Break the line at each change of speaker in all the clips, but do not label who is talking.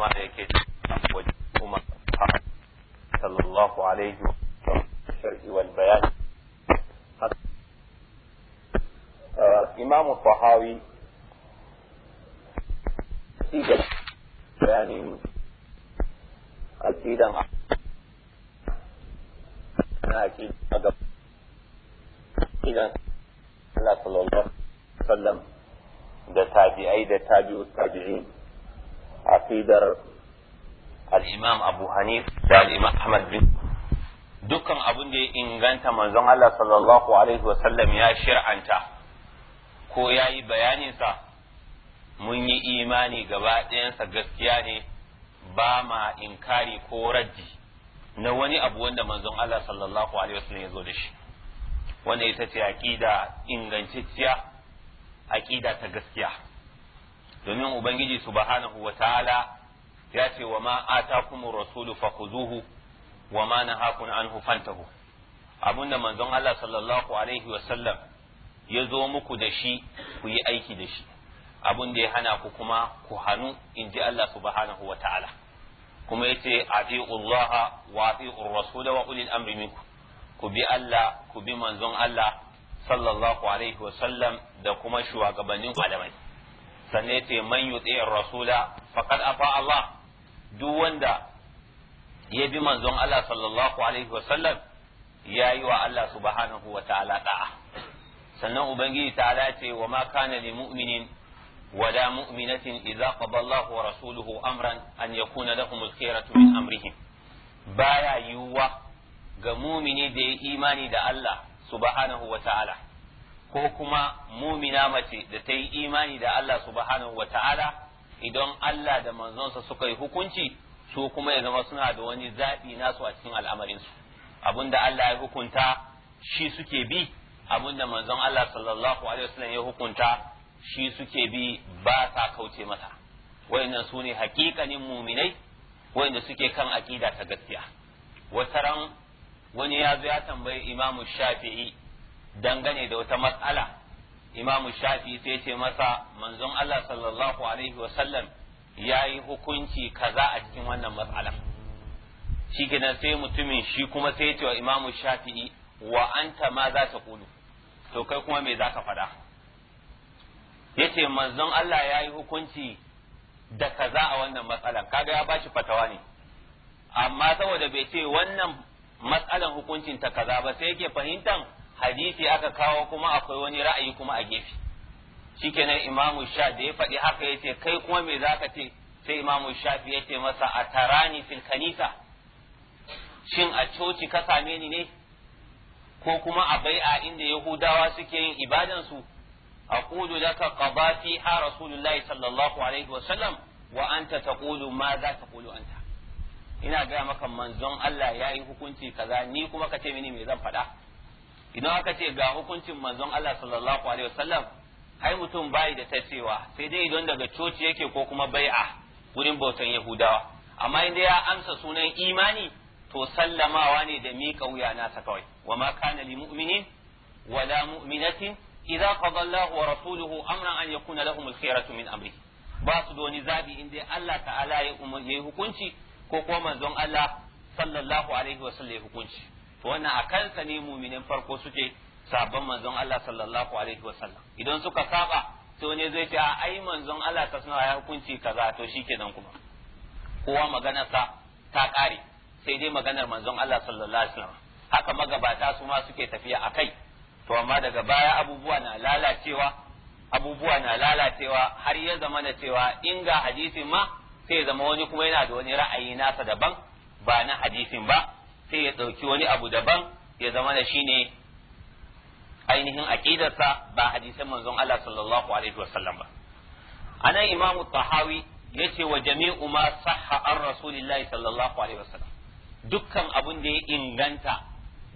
ma da yake wajen umar sallallahu alaihi wa shar'i wal bayan
imam tahawi siga bayanin aqidan na aqidan aqidan Allah sallallahu alaihi wasallam da tabi'ai da tabi'ut tabi'in aqidar al-imam abu hanif da al-imam ahmad bin dukkan abin da ya inganta manzon Allah sallallahu alaihi wasallam ya shir'anta ko ya yi bayaninsa mun yi imani gaba sa gaskiya ne ba ma inkari ko raddi na wani abu wanda manzon Allah sallallahu alaihi wasallam ya zo da shi wanda ita ce aqida ingantacciya aqida ta gaskiya domin ubangiji subhanahu wataala ya ce wa ma atakumur rasulu fakuzuhu wa ma nahakum anhu fantahu abunda manzon Allah sallallahu alaihi wasallam ya zo muku da shi ku yi aiki da shi abun da ya hana ku kuma ku hannu in ji Allah subhanahu wa ta'ala kuma ya ce Allah wa ati'ur ku bi Allah ku bi manzon Allah sallallahu alaihi wa sallam da kuma shugabannin malamai sannan ce man yuti'ir rasula faqad afa Allah duk wanda ya bi manzon Allah sallallahu alaihi wasallam ya yi wa Allah subhanahu wa ta'ala da'a sannan ubangiji ta'ala ce wa ma kana mu'minin wa la mu'minatin idza qada Allah wa rasuluhu amran an yakuna lahum al-khiyaratu min amrihim baya yiwuwa ga mumini da ya imani da Allah subhanahu wa ta'ala
ko kuma
mumina mace da ta yi imani da Allah subhanahu wa ta'ala idan Allah da manzonsa suka yi hukunci su kuma ya zama suna da wani zaɓi nasu a cikin al'amarinsu abinda Allah ya hukunta shi suke bi abinda manzon Allah sallallahu alaihi wasallam ya hukunta shi suke bi ba sa kauce masa wayannan su ne hakikanin muminai wayanda suke kan aƙida ta gaskiya wataran wani ya zo ya tambayi imamu shafi'i dangane da wata matsala imamu shafi sai ce masa manzon Allah sallallahu alaihi wasallam ya yi hukunci kaza a cikin wannan matsala shi sai mutumin shi kuma sai ce wa imamu shafi'i wa anta ma za ta kulu to kai kuma me za ka faɗa yace manzon Allah ya yi hukunci da kaza a wannan matsalan kaga ya bashi fatawa ne amma saboda bai ce wannan matsalan hukuncin ta kaza ba sai yake fahimtan hadisi aka kawo kuma akwai wani ra'ayi kuma a gefe shikenan imamu sha da ya faɗi haka ya ce kai kuma me za ka ce sai imamu shafi ya ce masa a tarani fil kanisa shin a coci ka same ni ne ko kuma a bai a inda yahudawa suke yin ibadansu أقول لك قضى فيها wa الله wa'anta ta Kudu ma za ta Kudu an ta? ina gaya maka manzon Allah ya yi hukunci kaza ni kuma ka ce mini me zan faɗa idan aka ce ga hukuncin manzon Allah sallallahu alaihi wasallam ai mutum bai da tacewa sai dai idan daga coci yake ko kuma bai'a wurin bautan yahudawa amma inda ya amsa sunan imani to sallamawa ne da miƙa wuya nasa kawai wa ma kana li mu'minin la mu'minatin idza qada Allahu wa rasuluhu amran an yakuna lahum al-khiyaratu min amri ba su da wani zabi inda Allah ta'ala ya yi hukunci ko kuma manzon Allah sallallahu alaihi wasallam ya hukunci wannan a kansa ne muminin farko suke sabon manzon Allah sallallahu alaihi wasallam idan suka saba To wani zai ce a ai manzon Allah ta suna ya hukunci kaza to shikenan kuma kowa magana sa ta kare sai dai maganar manzon Allah sallallahu alaihi wasallam haka magabata su ma suke tafiya akai to amma daga baya abubuwa na lalacewa abubuwa na lalacewa har ya zama na cewa in ga hadisin ma sai zama wani kuma yana da wani ra'ayi nasa daban ba na hadisin ba sai ya ɗauki wani abu daban ya zama da shi ne ainihin aqidarsa ba hadisan manzon Allah sallallahu alaihi wasallam ba anan imam tahawi ya ce wa jami'u ma sahha an rasulillahi sallallahu alaihi wasallam dukkan abun da ya inganta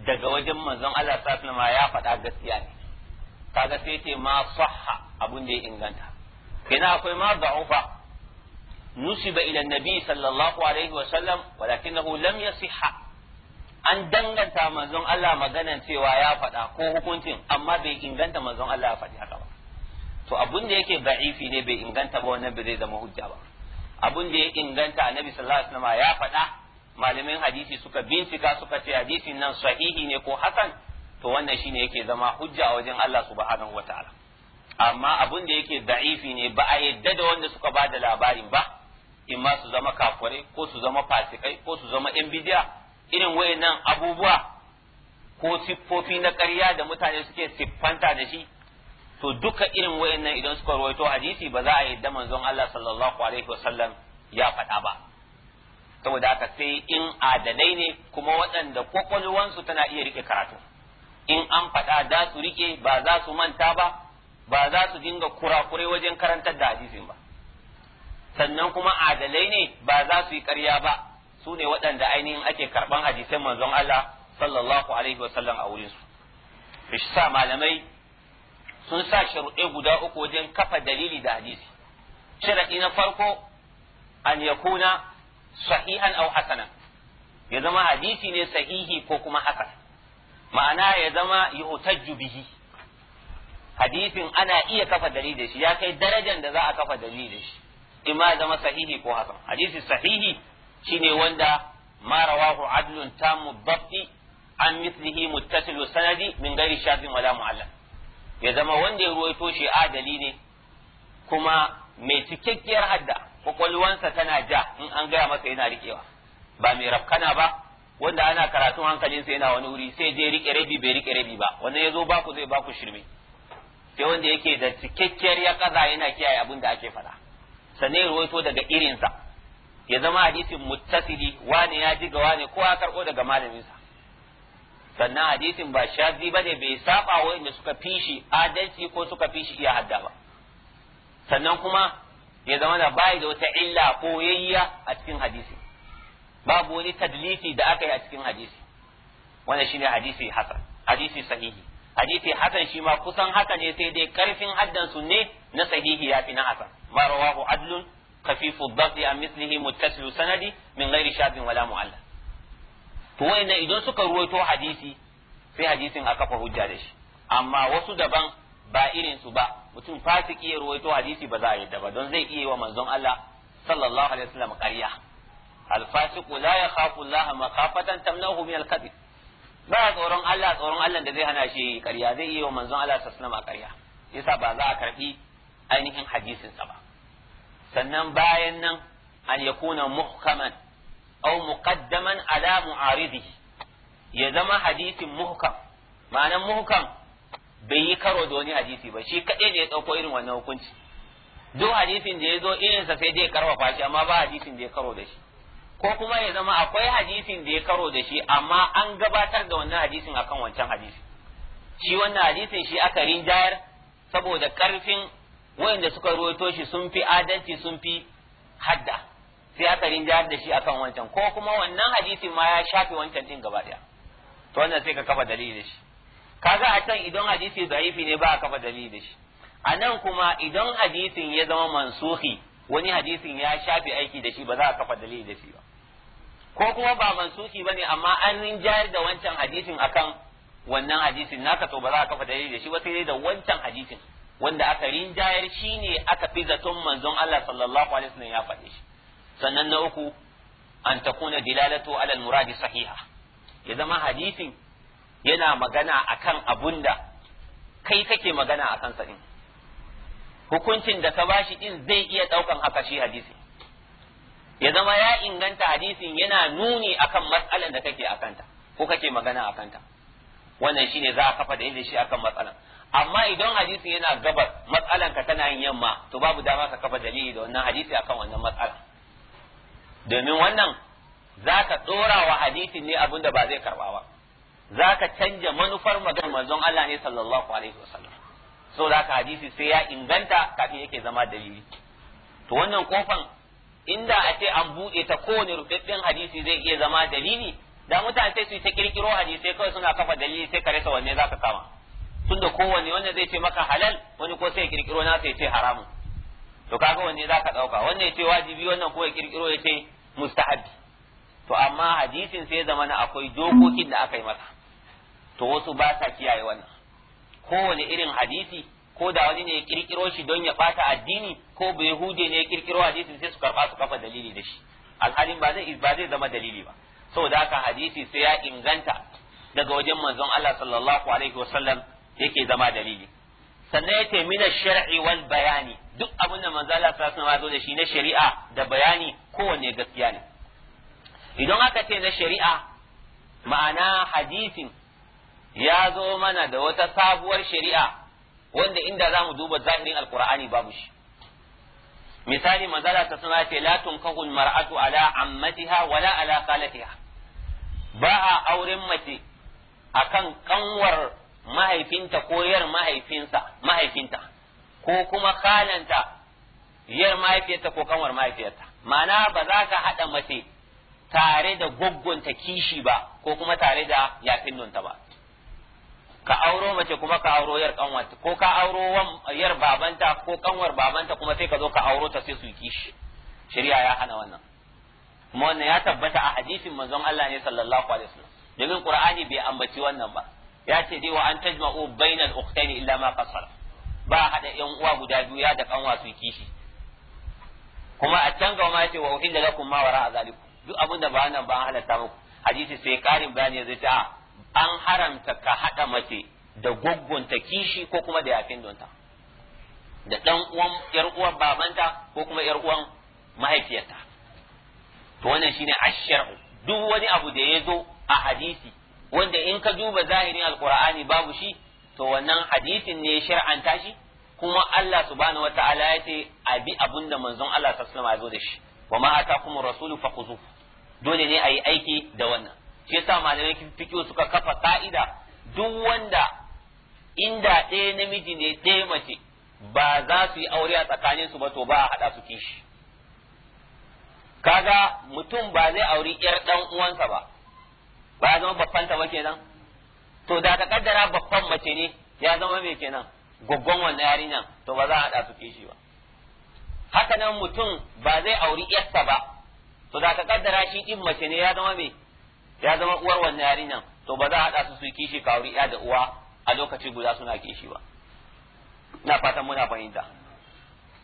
daga wajen manzon Allah sallallahu alaihi ya faɗa gaskiya ne kaga sai yace ma sahha abun da ya inganta ina akwai ma da'ufa nusiba ila nabi sallallahu alaihi wasallam walakinahu lam yasihha an danganta manzon Allah maganan cewa ya faɗa ko hukuncin amma bai inganta manzon Allah ya faɗi haka ba to abun da yake da'ifi ne bai inganta ba wannan bai zama hujja ba abun da ya inganta annabi sallallahu alaihi wasallam ya faɗa malamin hadisi suka bincika suka ce hadisi nan sahihi ne ko hasan to wannan shine yake zama hujja wajen Allah subhanahu wataala amma abun da yake da'ifi ne ba a yadda da wanda suka ba da labarin ba in ma su zama kafure ko su zama fasikai ko su zama yan bidiya irin wayannan abubuwa ko siffofi na ƙarya da mutane suke siffanta da shi to duka irin wayannan idan suka rawaito hadisi ba za a yi da manzon Allah sallallahu alaihi wasallam ya faɗa ba saboda haka sai in adalai ne kuma waɗanda kwakwalwansu tana iya rike karatu in an faɗa za su rike ba za su manta ba ba za su dinga kurakure wajen karantar da hadisin ba sannan kuma adalai ne ba za su yi ƙarya ba su ne waɗanda ainihin ake karɓan hadisan manzon Allah sallallahu alaihi wa sallam a wurinsu shi sa malamai sun sa sharuɗe guda uku wajen kafa dalili da hadisi sharaɗi na farko an yakuna sahihan au hasanan ya zama hadisi ne sahihi ko kuma hasan ma'ana ya zama yuhtajju bihi hadisin ana iya kafa dalili da shi ya kai darajar da za a kafa dalili da shi imma ya zama sahihi ko hasan hadisi sahihi shine wanda ma rawahu adlun tamu dhabti an mithlihi muttasilu sanadi min gari shafin wala mu'allaq ya zama wanda ya ruwaito shi adali ne kuma mai cikakkiyar hadda kwakwalwansa tana ja in an gaya masa yana riƙewa ba mai rafkana ba wanda ana karatun sai yana wani wuri sai je rike rabi bai rike rabi ba wanda ya zo baku zai baku shirme sai wanda yake da cikakkiyar ya kaza yana kiyaye abin da ake faɗa sannan ya ruwaito daga irinsa ya zama hadisin muttasili wane ya ji ga wane ko ya karɓo daga malaminsa sannan hadisin ba shazi ne bai saba wanda suka fishi adalci ko suka fishi iya hadda ba sannan kuma ya zama da bai da wata illa ko yayya a cikin hadisi babu wani tadlisi da aka yi a cikin hadisi wannan shine hadisi hasan hadisi sahihi hadisi hasan shi ma kusan haka ne sai dai karfin haddan su ne na sahihi ya fi na hasan ma rawahu adlun khafifu dhaqi an mithlihi muttasilu sanadi min ghairi shabin wala mu'alla to wayannan idan suka ruwaito hadisi sai hadisin a kafa hujja da shi amma wasu daban ba irin su ba mutum fasiki ya ruwaito hadisi ba za a yadda ba don zai iya wa manzon Allah sallallahu alaihi wasallam al alfasiqu la yakhafu Allah makhafatan tamnahu min al-kadhib ba tsoron Allah tsoron Allah da zai hana shi ƙarya zai iya wa manzon Allah sallallahu alaihi wasallam ƙarya yasa ba za a karbi ainihin hadisin sa ba sannan bayan nan an yakuna muhkaman aw muqaddaman ala mu'aridi ya zama hadisin muhkam ma'anan muhkam bai yi karo da wani hadisi ba shi kaɗai ne ya ɗauko irin wannan hukunci duk hadisin da ya zo irinsa sai dai karfafa shi amma ba hadisin da ya karo da shi ko kuma ya zama akwai hadisin da ya karo da shi amma an gabatar da wannan hadisin akan wancan hadisi shi wannan hadisin shi aka rinjayar saboda karfin wa'inda suka ruwaito shi sun fi adalci sun fi hadda sai aka rinjayar da shi akan wancan ko kuma wannan hadisin ma ya shafe wancan din gaba daya to wannan sai ka kafa dalili da shi kaga a can idan hadisi da'ifi ne ba a kafa dalili da shi a nan kuma idan hadisin ya zama mansuhi wani hadisin ya shafe aiki da shi ba za a kafa dalili da shi ba ko kuma ba mansuki bane amma an rinjayar da wancan hadisin akan wannan hadisin naka to ba za a kafa dalili da shi ba sai dai da wancan hadisin wanda aka rinjayar shi ne aka fi zaton manzon Allah sallallahu alaihi wasallam ya faɗi shi sannan na uku an takuna dilalatu alal muradi sahiha ya zama hadisin yana magana akan abunda kai kake magana akan sa din hukuncin da ka bashi din zai iya daukan haka shi hadisi ya zama ya inganta hadisin yana nuni akan matsalan da kake akanta ko kake magana akanta wannan shine za a kafa da shi akan matsalan amma idan hadisi yana gabas matsalan ka tana yin yamma to babu dama ka kafa dalili da wannan hadisi akan wannan matsala domin wannan zaka tsora wa hadisi ne abin da ba zai karba ba zaka canja manufar maganar manzon Allah ne sallallahu alaihi wasallam so da hadisi sai ya inganta kafin yake zama dalili to wannan kofan inda a ce an buɗe ta kowane rubabbin hadisi zai iya zama dalili da mutane sai su ta kirkiro hadisai kawai suna kafa dalili sai ka rasa wanne zaka kama tunda kowanne wanda zai ce maka halal wani ko sai kirkiro na sai ce haramun to kaga wanne zaka dauka wanne ce wajibi wannan ko ya kirkiro ya ce mustahabi to amma hadisin sai zama na akwai dokokin da aka yi masa to wasu ba sa kiyaye wannan kowane irin hadisi ko da wani ne ya kirkiro shi don ya bata addini ko bai hude ne ya kirkiro hadisin sai su karba su kafa dalili da shi alhalin ba zai ba zai zama dalili ba saboda haka hadisi sai ya inganta daga wajen manzon Allah sallallahu alaihi wasallam yake zama dalili sannan yace mina shari wal bayani duk abin da manzo Allah sallallahu alaihi wasallam ya zo da shi na shari'a da bayani kowanne gaskiya ne idan aka ce na shari'a ma'ana hadisin ya zo mana da wata sabuwar shari'a wanda inda zamu duba zahirin alkur'ani babu shi misali alaihi ta suna ce la tunkahu mar'atu ala ammatiha wala ala khalatiha ba a auren mace akan kanwar mahaifinta ko yar mahaifinsa mahaifinta ko kuma kananta yar mahaifiyarta ko kanwar mahaifiyarta ma'ana ba za ka haɗa mace tare da ta kishi ba ko kuma tare da yafin nunta ba ka auro mace kuma ka auro yar kanwarta ko ka auro yar babanta ko kanwar babanta kuma sai ka zo ka auro ta sai su kishi shari'a ya hana wannan kuma wannan ya tabbata a hadisin manzon Allah ne sallallahu alaihi wasallam domin qur'ani bai ambaci wannan ba ya ce dai wa an tajma'u bainal ukhtaini illa ma qasara ba hada yan uwa guda biyu ya da kanwa su kishi kuma a can gaba ma yace wa uhilla lakum ma wara azalikum duk abin ba nan ba an halatta muku hadisi sai karin bayani zai ta an haramta ka hada mace da goggonta kishi ko kuma da yafin donta da dan uwan yar uwan babanta ko kuma yar uwan mahaifiyarta to wannan shine ashar duk wani abu da ya zo a hadisi wanda in ka duba zahirin alqur'ani babu shi to wannan hadithin ne shar'anta tashi, kuma Allah subhanahu wataala ya ce a bi manzon Allah sallallahu alaihi wasallam ya zo da shi wa ma atakum rasulu fakhuzu dole ne a aiki da wannan shi yasa malamai fiqh suka kafa ka'ida duk wanda inda ɗaya namiji ne ɗaya mace ba za su yi aure a tsakanin su ba to ba a haɗa su kishi kaga mutum ba zai auri 'yar dan uwansa ba ba ya zama babban ta ba kenan to da ta kaddara babban mace ne ya zama mai kenan goggon wannan yarinya to ba za a hada su kishi ba haka nan mutum ba zai auri yarsa ba to da ta kaddara shi din mace ne ya zama mai ya zama uwar wannan yarinya to ba za a hada su su kishi ka auri ya da uwa a lokaci guda suna kishi ba ina fatan muna fahimta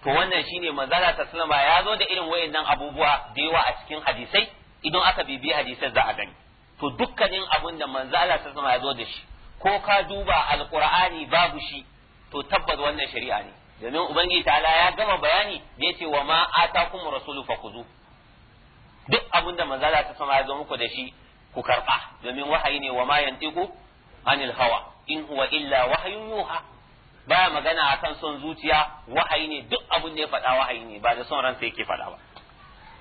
to wannan shine manzala ta sallama ya zo da irin wayannan abubuwa da yawa a cikin hadisai idan aka bibiya hadisai za a gani to dukkanin abin da manzo Allah ta sama ya zo da shi ko ka duba alqur'ani babu shi to tabbas wannan shari'a ne domin ubangiji ta'ala ya gama bayani da yace wa ma atakum rasulu fakuzu duk abin da manzo Allah ta sama ya zo muku da shi ku karba domin wahayi ne wa ma yantiqu anil hawa in huwa illa wahyun yuha baya magana a kan son zuciya wahayi ne duk abin da ya faɗa wahayi ne ba da son ransa yake faɗa ba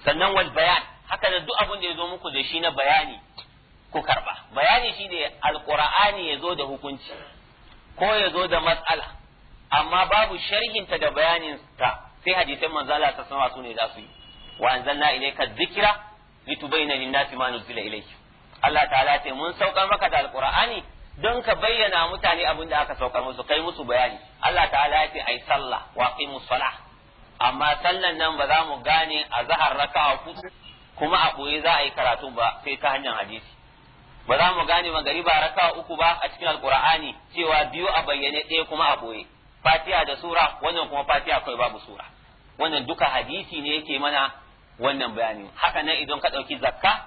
sannan wal bayan haka da duk abin da ya zo muku da shi na bayani ku karba bayani shine alqur'ani yazo da hukunci ko yazo da matsala amma babu sharhinta da bayanin ta sai hadisan manzo Allah ta sama su ne za su yi wa anzalna ilayka dhikra litubayyana lin-nasi ma nuzila ilayka Allah ta'ala ce mun saukar maka da alqur'ani don ka bayyana mutane abin da aka saukar musu kai musu bayani Allah ta'ala ya ce ai sallah wa qimus salah amma sallan nan ba za mu gane a zahar raka'a kuma a boye za a yi karatu ba sai ta hanyar hadisi ba za mu gane ba raka uku ba a cikin alkur'ani cewa biyu a bayyane ɗaya kuma a boye fatiha da sura wannan kuma fatiha kai babu sura wannan duka hadisi ne yake mana wannan bayani haka nan idan ka ɗauki zakka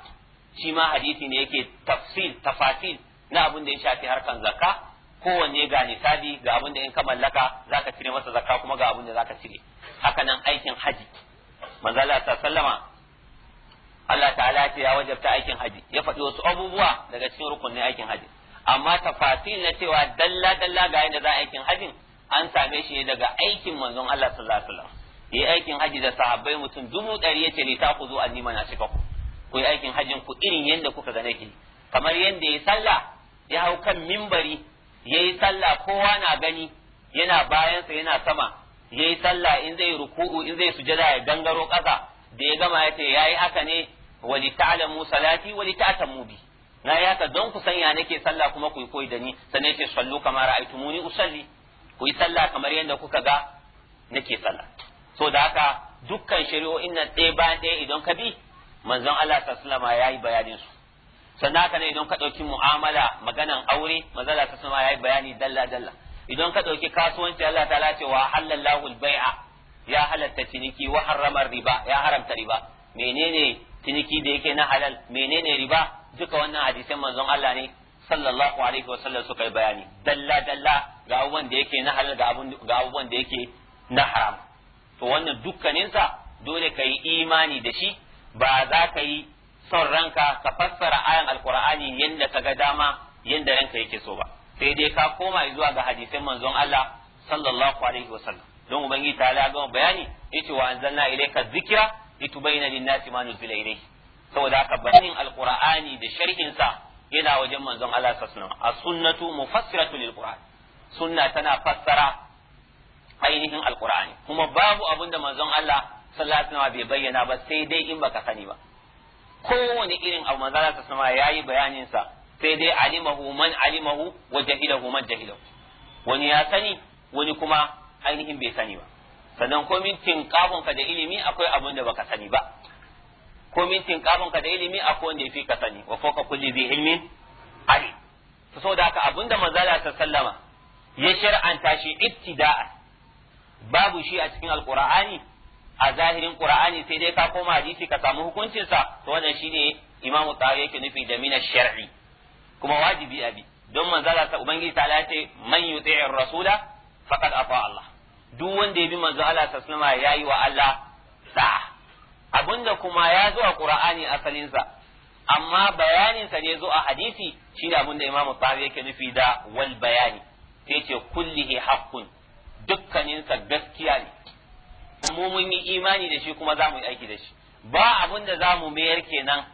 shi ma hadisi ne yake tafsil tafasil na abin da ya shafi harkan zakka kowanne ga nisabi ga abin da in ka mallaka zaka cire masa zakka kuma ga abin da zaka cire haka nan aikin haji manzo Allah sallama Allah ta'ala ce ya wajabta aikin haji ya faɗi wasu abubuwa daga cikin rukunin aikin haji amma tafasil na cewa dalla dalla ga yadda za aikin hajin an same shi ne daga aikin manzon Allah sallallahu alaihi wasallam yi aikin haji da sahabbai mutum dubu ɗari ya ce ni ta ku zo a nima na cika ku ku yi aikin hajin ku irin yadda kuka ga nake kamar yadda ya sallah ya hau kan mimbari ya yi sallah kowa na gani yana bayansa yana sama ya yi sallah in zai ruku'u in zai sujada ya gangaro ƙasa da ya gama ya ce ya yi haka ne wali musa salati wali mu bi na yi haka don ku sanya nake sallah kuma ku yi koyi da ni sannan ce sallu kamar ra'aytumuni usalli ku yi sallah kamar yadda kuka ga nake sallah so da haka dukkan shari'o nan ɗaya bayan ɗaya idan ka bi manzon Allah Sallama ya yi bayanin su sannan haka ne idan ka ɗauki mu'amala maganan aure manzon Allah sallama ya yi bayani dalla dalla idan ka ɗauki kasuwanci Allah ta'ala ce wa halallahu al-bai'a ya halatta ciniki wa harrama riba ya haramta riba menene ciniki da yake na halal menene riba duka wannan hadisan manzon Allah ne sallallahu alaihi wa sallam suka yi bayani dalla dalla ga abubuwan da yake na halal ga abubuwan da yake na haram to wannan dukkaninsa dole ka yi imani da shi ba za ka yi son ranka ka fassara ayan alkur'ani yadda ka ga dama yanda ranka yake so ba sai dai ka koma zuwa ga hadisan manzon Allah sallallahu alaihi wa sallam don ubangiji ta ala gama bayani yace wa anzalna ilayka dhikra litubayyana lin-nasi ma nuzila ilayhi saboda haka bayanin alqur'ani da sharhin sa yana wajen manzon Allah sallallahu alaihi wasallam as-sunnatu mufassiratu lil sunna tana fassara ainihin alqur'ani kuma babu abinda manzon Allah sallallahu alaihi wasallam bai bayyana ba sai dai in baka sani ba kowane irin abu manzon Allah sallallahu alaihi wasallam yayi bayanin sa sai dai alimahu man alimahu wa jahilahu man jahilahu wani ya sani wani kuma ainihin bai sani ba sannan komin kafin ka da ilimi akwai abin da baka sani ba komin kafin ka da ilimi akwai wanda yafi ka sani wa fawqa kulli bi ilmin ali to saboda haka abinda sallama ya shar'anta shi ibtida'a babu shi a cikin alqur'ani a zahirin qur'ani sai dai ka koma hadisi ka samu hukuncin sa to wannan shine imamu tawaye yake nufi da mina shar'i kuma wajibi abi don manzala ta ubangiji ta lace man yuti'ir rasula faqad afa Allah duk wanda ya bi manzo Allah sallallahu alaihi yayi wa Allah da abinda kuma ya zo a Qur'ani asalin amma bayanin sa ne zo a hadisi shine abinda Imam Bukhari yake nufi da wal bayani sai ce kullihi haqqun dukkanin sa gaskiya ne mu mun yi imani da shi kuma zamu yi aiki da shi ba abun da zamu mayar kenan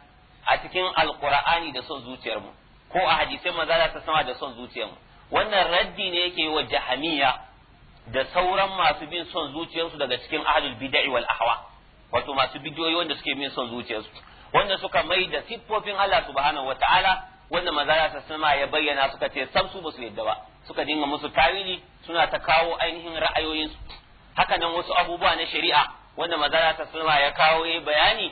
a cikin alqur'ani da son zuciyarmu ko a hadisai manzo Allah ta sama da son zuciyar mu. wannan raddi ne yake wa jahamiya da sauran masu bin son zuciyarsu daga cikin ahlul bid'i wal ahwa wato masu bidiyoyi wanda suke bin son zuciyarsu wanda suka mai da siffofin Allah subhanahu wataala wanda manzara ta sama ya bayyana suka ce sam su basu yadda ba suka dinga musu tawili suna ta kawo ainihin ra'ayoyinsu haka nan wasu abubuwa na shari'a wanda manzara ta sama ya kawo ya bayani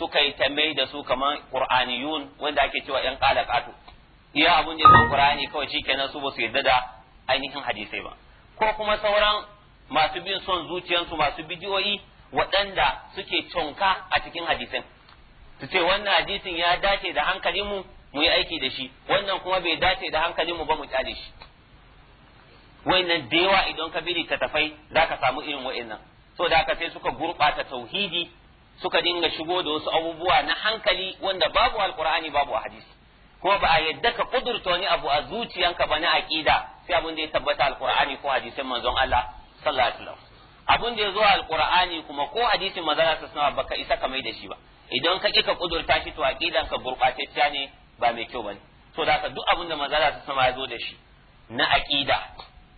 suka yi ta mai da su kamar qur'aniyun wanda ake cewa yan qalaqatu iya abun da qur'ani kawai shikenan su basu yadda da ainihin hadisai ba ko kuma sauran masu bin son zuciyansu masu bidiyoyi waɗanda suke conka a cikin hadisin su ce wannan hadisin ya dace da hankalinmu mu yi aiki da shi wannan kuma bai dace da mu ba mu kyale shi wayannan da yawa idan ka biri ka tafai za ka samu irin wayannan so da haka sai suka gurɓata tauhidi suka dinga shigo da wasu abubuwa na hankali wanda babu Alƙur'ani babu a hadisi ko ba a yadda ka kudurta wani abu a zuciyanka ba na aƙida. sai abin da ya tabbata alqur'ani ko hadisin manzon Allah sallallahu alaihi wasallam abin da ya zo alqur'ani kuma ko hadisin manzon Allah sallallahu alaihi wasallam baka isa ka mai da shi ba idan ka ka kudurta shi to aqidan ka gurbatacciya ne ba mai kyau bane to da duk abin da manzon Allah sallallahu alaihi ya zo da shi na aqida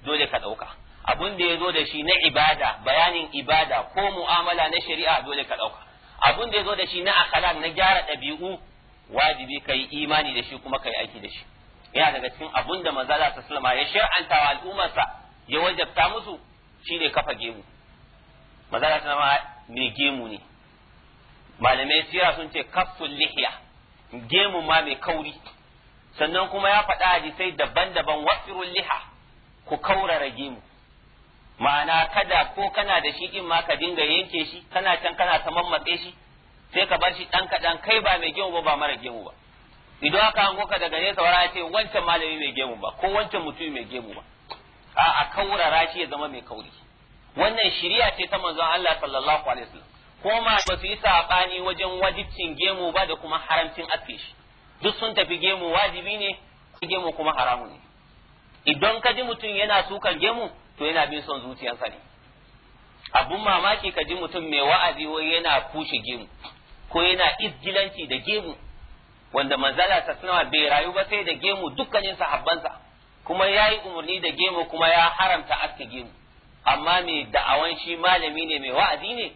dole ka dauka abin da ya zo da shi na ibada bayanin ibada ko mu'amala na shari'a dole ka dauka abin da ya zo da shi na akhlaq na gyara ɗabi'u wajibi ka yi imani da shi kuma ka yi aiki da shi yana daga cikin abun da manzo sulama ya shar'anta wa al'ummarsa ya wajabta musu shi ne kafa gemu manzo Allah sulama mai gemu ne malamai sira sun ce kafin lihiya gemu ma mai kauri sannan kuma ya faɗa a sai daban-daban wasirul liha ku kaurara gemu ma'ana kada ko kana da shi ɗin ma ka dinga yanke shi kana can kana ta mammatse shi sai ka bar shi dan kadan kai ba mai gemu ba ba mara gemu ba idan aka hango ka daga nesa wara ce wancan malami mai gemu ba ko wancan mutum mai gemu ba a a kaurara shi ya zama mai kauri wannan shiriya ce ta manzon Allah sallallahu alaihi wasallam ko ma ba su yi sabani wajen wajibcin gemu ba da kuma haramcin aske shi duk sun tafi gemu wajibi ne gemu kuma haramu ne idan ka ji mutum yana sukan gemu to yana bin son zuciyarsa ne abun mamaki ka ji mutum mai wa'azi wai yana kushe gemu ko yana izgilanci da gemu wanda manzala ta sanawa bai rayu ba sai da gemu dukkanin sahabbansa kuma ya yi umarni da gemu kuma ya haramta aske gemu amma mai da'awan shi malami ne mai wa'azi ne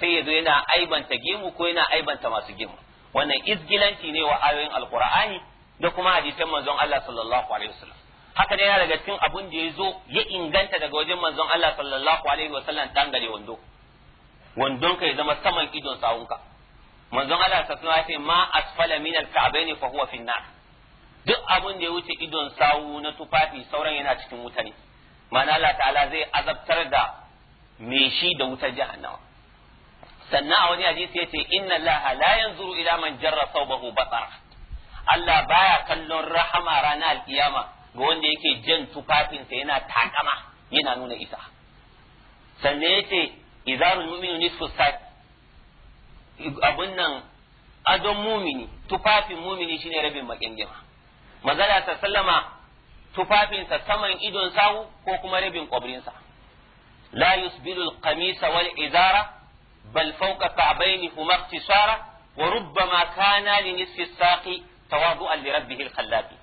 sai ya zo yana aibanta gemu ko yana aibanta masu gemu wannan izgilanci ne wa ayoyin alqur'ani da kuma hadisan manzon Allah sallallahu alaihi wasallam haka ne yana daga cikin abun da ya zo ya inganta daga wajen manzon Allah sallallahu alaihi wasallam dangare wando wandon ka ya zama saman idon sawunka manzon Allah ta suna ce ma asfala min al-ka'bayn fa huwa fi nar duk abun da ya wuce idon sawu na tufafi sauran yana cikin wuta ne ma'ana Allah ta'ala zai azabtar da me shi da wutar jahannama sannan a wani hadisi yace inna Allah la yanzuru ila man jarra thawbahu basara Allah baya kallon rahama ranar alkiyama ga wanda yake jan tufafinsa yana takama yana nuna isa sannan yace izarul mu'minu nisfu sa'i abin nan adon mumini tufafin mumini shine rabin makingima magana ta sallama tufafinsa saman idon sahu ko kuma rabin kwabrinsa la yusbilu kamisa wal izara bal fawqa ka'bayni huma iktisara wa rubbama kana li nisfi saqi tawadu'an li rabbihi alqallabi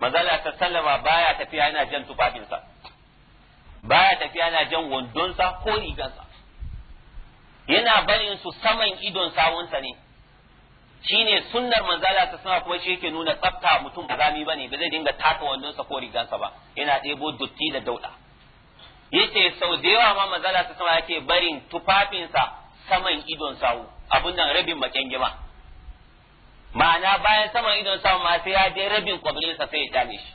magana ta sallama baya tafiya yana jan tufafinsa baya tafiya yana jan wandonsa ko rigansa yana barin su saman idon sawunsa ne shine sunnar manzala ta sama kuma shi yake nuna tsafta mutum ba zami ne ba zai dinga taka wandonsa ko rigansa ba yana ɗebo dotti da dauɗa yace sau da yawa ma manzala ta sama yake barin tufafinsa saman idon sawu abun nan rabin makyange ma'ana bayan saman idon sawu ma sai ya je rabin kwabilinsa sai ya dame shi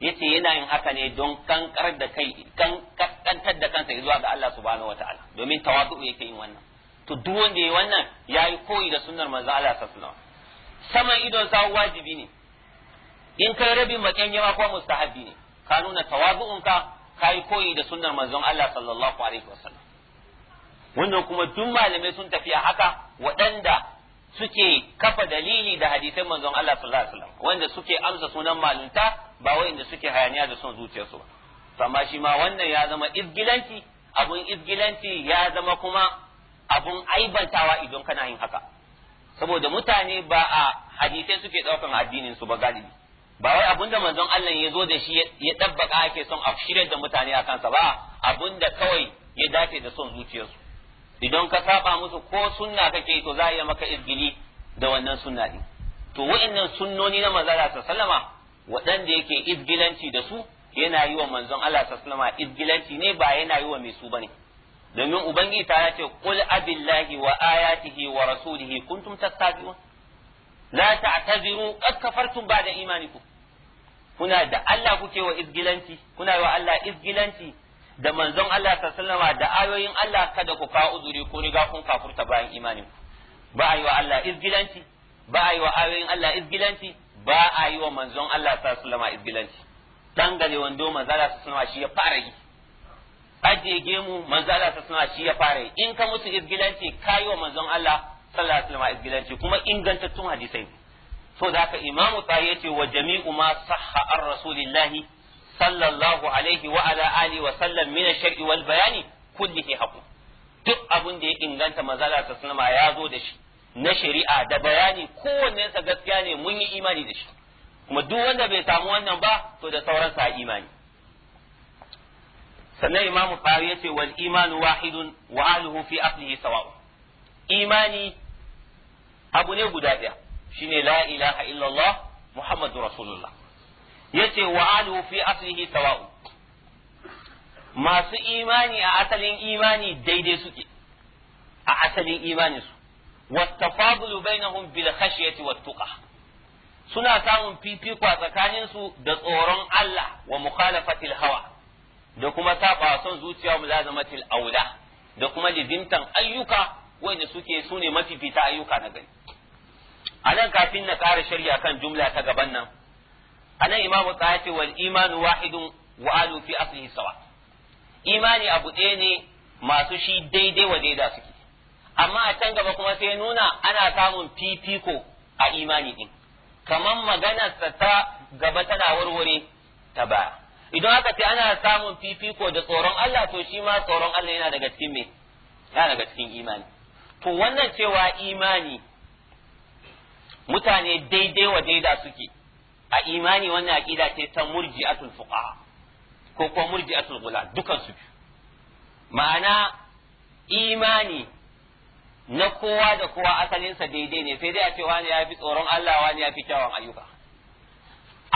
yace yana yin haka ne don kankar da kai kan kaskantar da kansa zuwa ga Allah subhanahu wataala domin tawadu yake yin wannan to duk wanda yayi wannan yayi koyi da sunnar manzo Allah sallallahu alaihi wasallam saman idon sa wajibi ne in kai rabin makan yawa ko mustahabi ne ka nuna ka kai koyi da sunnar manzon Allah sallallahu alaihi wasallam wannan kuma duk malamai sun tafi a haka waɗanda suke kafa dalili da hadisai manzon Allah sallallahu alaihi wasallam wanda suke amsa sunan malunta ba wanda suke hayaniya da son zuciyarsu ba amma shi ma wannan ya zama izgilanci abun izgilanci ya zama kuma abun aibantawa idan kana yin haka saboda mutane ba a hadisai suke daukan addinin su ba galibi ba wai abun da manzon Allah ya zo da shi ya dabbaka ake son a shirya da mutane a kansa ba abun da kawai ya dace da son zuciyarsu idan ka saba musu ko sunna kake to za a iya maka izgili da wannan sunna din to wa'annan sunnoni na manzon Allah sallama waɗanda yake izgilanci da su yana yi wa manzon Allah sallama izgilanci ne ba yana yi wa mai su bane domin ubangiji ta ce qul abillahi wa ayatihi wa rasulihi kuntum tattabi'un la ta'taziru qad kafartum ba'da imanikum kuna da Allah kuke wa izgilanci kuna yi wa Allah izgilanci da manzon Allah sallallahu da ayoyin Allah kada ku kawo uzuri ko riga kun kafurta bayan imanin ba a yi wa Allah izgilanci ba a yi wa ayoyin Allah izgilanci ba a yi wa manzon Allah sallallahu alaihi izgilanci dan gare wando manzon Allah sallama shi ya fara yi ajiye gemu manzon Allah shi ya fara yi in ka musu izgilanci kai wa manzon Allah sallallahu alaihi wasallam izgilanci kuma ingantattun hadisai so da haka imamu tsari yace wa jami'u ma sahha ar rasulillahi sallallahu alaihi wa ala alihi wa sallam min ash-shar'i wal bayani kullihi duk abin da ya inganta manzala ta sunama ya zo da shi na shari'a da bayani kowanne sa gaskiya ne mun yi imani da shi kuma duk wanda bai samu wannan ba to da sauran sa imani sannan imamu fari yace wal imanu wahidun wa fi aslihi sawa'u. imani abu ne guda ɗaya shine la ilaha illallah muhammadu rasulullah yace wa alu fi aslihi sawa'u masu imani a asalin imani daidai suke a asalin imani su wattafadulu bainahum bil khashyati wattuqa suna samun fifiko a tsakanin su da tsoron Allah wa mukhalafatil hawa da kuma saba son zuciya mulazamatil aula da kuma lidimtan ayyuka wanda suke sune mafifita ayyuka na gari anan kafin na kara shari'a kan jumla ta gaban nan anan imamu tsaya wal imanu wahidun wa alu fi aslihi sawa imani abu ɗaya ne masu shi daidai wa suke amma a can gaba kuma sai nuna ana samun fifiko a imani din kaman maganarsa ta gaba tana warware ta baya idan aka ce ana samun fifiko da tsoron Allah to shi ma tsoron Allah yana daga cikin me daga cikin imani to wannan cewa imani mutane daidai wa suke a imani wannan aqida ce ta murji'atul fuqaha ko kuma murji'atul ghula dukan su ma'ana imani na kowa da kowa asalinsa daidai ne sai dai a ce wani ya fi tsoron Allah wani ya fi kyawun ayyuka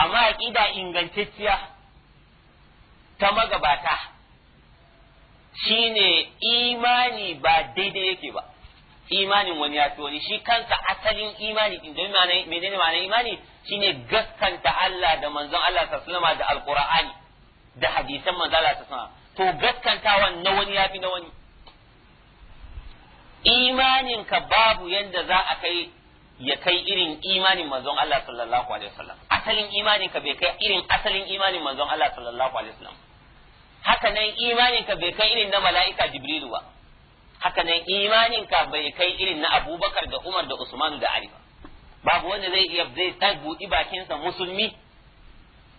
amma aqida ingantacciya ta magabata shine imani ba daidai yake ba imanin wani ya fi wani shi kansa asalin imani din don menene ma'anar imani shine gaskanta Allah da manzon Allah sallama da alqur'ani da hadisan manzon Allah sallama to gaskantawan na wani yafi na wani imaninka babu yanda za a kai ya kai irin imanin manzon Allah sallallahu alaihi wasallam asalin imaninka bai kai irin asalin imanin manzon Allah sallallahu alaihi wasallam haka nan imaninka bai kai irin na mala'ika jibrilu ba haka nan imaninka bai kai irin na abubakar da umar da Usman da ali ba babu wanda zai iya zai tsar buɗi bakinsa musulmi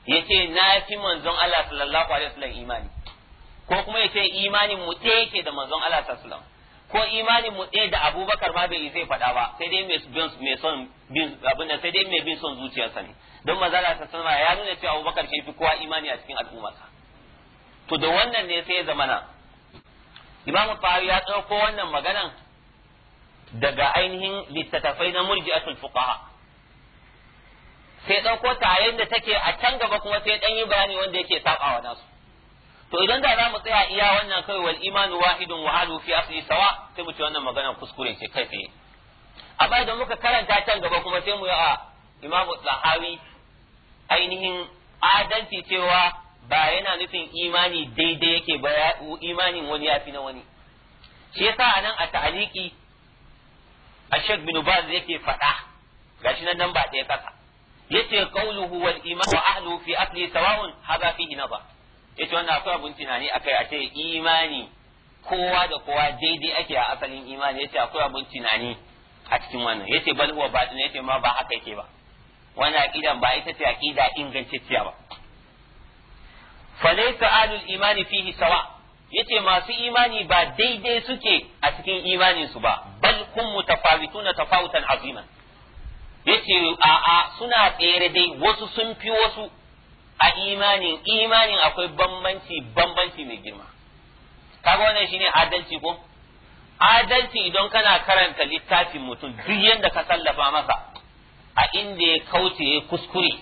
ya ce na fi manzon Allah sallallahu alaihi wasallam imani ko kuma ya ce imanin mu ɗaya yake da manzon Allah sallallahu alaihi wasallam ko imanin mu ɗaya da Abubakar ma bai zai faɗa ba sai dai mai son bin abin da sai dai mai bin son zuciyarsa ne don manzon Allah sallallahu alaihi wasallam ya nuna cewa Abubakar shi fi kowa imani a cikin al'ummarsa to da wannan ne sai ya zamana Imam Fari ya tsoko wannan maganan daga ainihin littattafai na murji'atul fuqaha sai ɗauko ta yayin da take a can gaba kuma sai ɗan yi bayani wanda yake sabawa nasu to idan da za mu tsaya iya wannan kai wal imanu wahidun wa halu fi asli sawa sai mu ci wannan magana kuskure ce kai tsaye amma da muka karanta can gaba kuma sai mu yi a imamu tsahawi ainihin adalci cewa ba yana nufin imani daidai yake ba imanin wani ya fi na wani shi yasa anan a ta'aliki a shek bin baz yake faɗa gashi nan nan ba ɗaya kasa yace qawluhu wal iman wa ahlu fi aqli sawa'un hadha fihi nadha yace wannan akwai abun tunani akai a ce imani kowa da kowa daidai ake a asalin imani yace akwai abun tunani a cikin wannan yace bal huwa batin yace ma ba haka yake ba wannan aqidan ba ita ce aqida ingantacciya ba falaysa ahlul imani fihi sawa' yace masu imani ba daidai suke a cikin imanin su ba bal kun mutafawituna tafawutan aziman yace a a suna tsere dai wasu sun fi wasu a imanin imanin akwai bambanci bambanci mai girma kaga wannan shine adalci ko adalci idan kana karanta littafin mutum duk yadda ka sallafa masa a inda ya kauce kuskure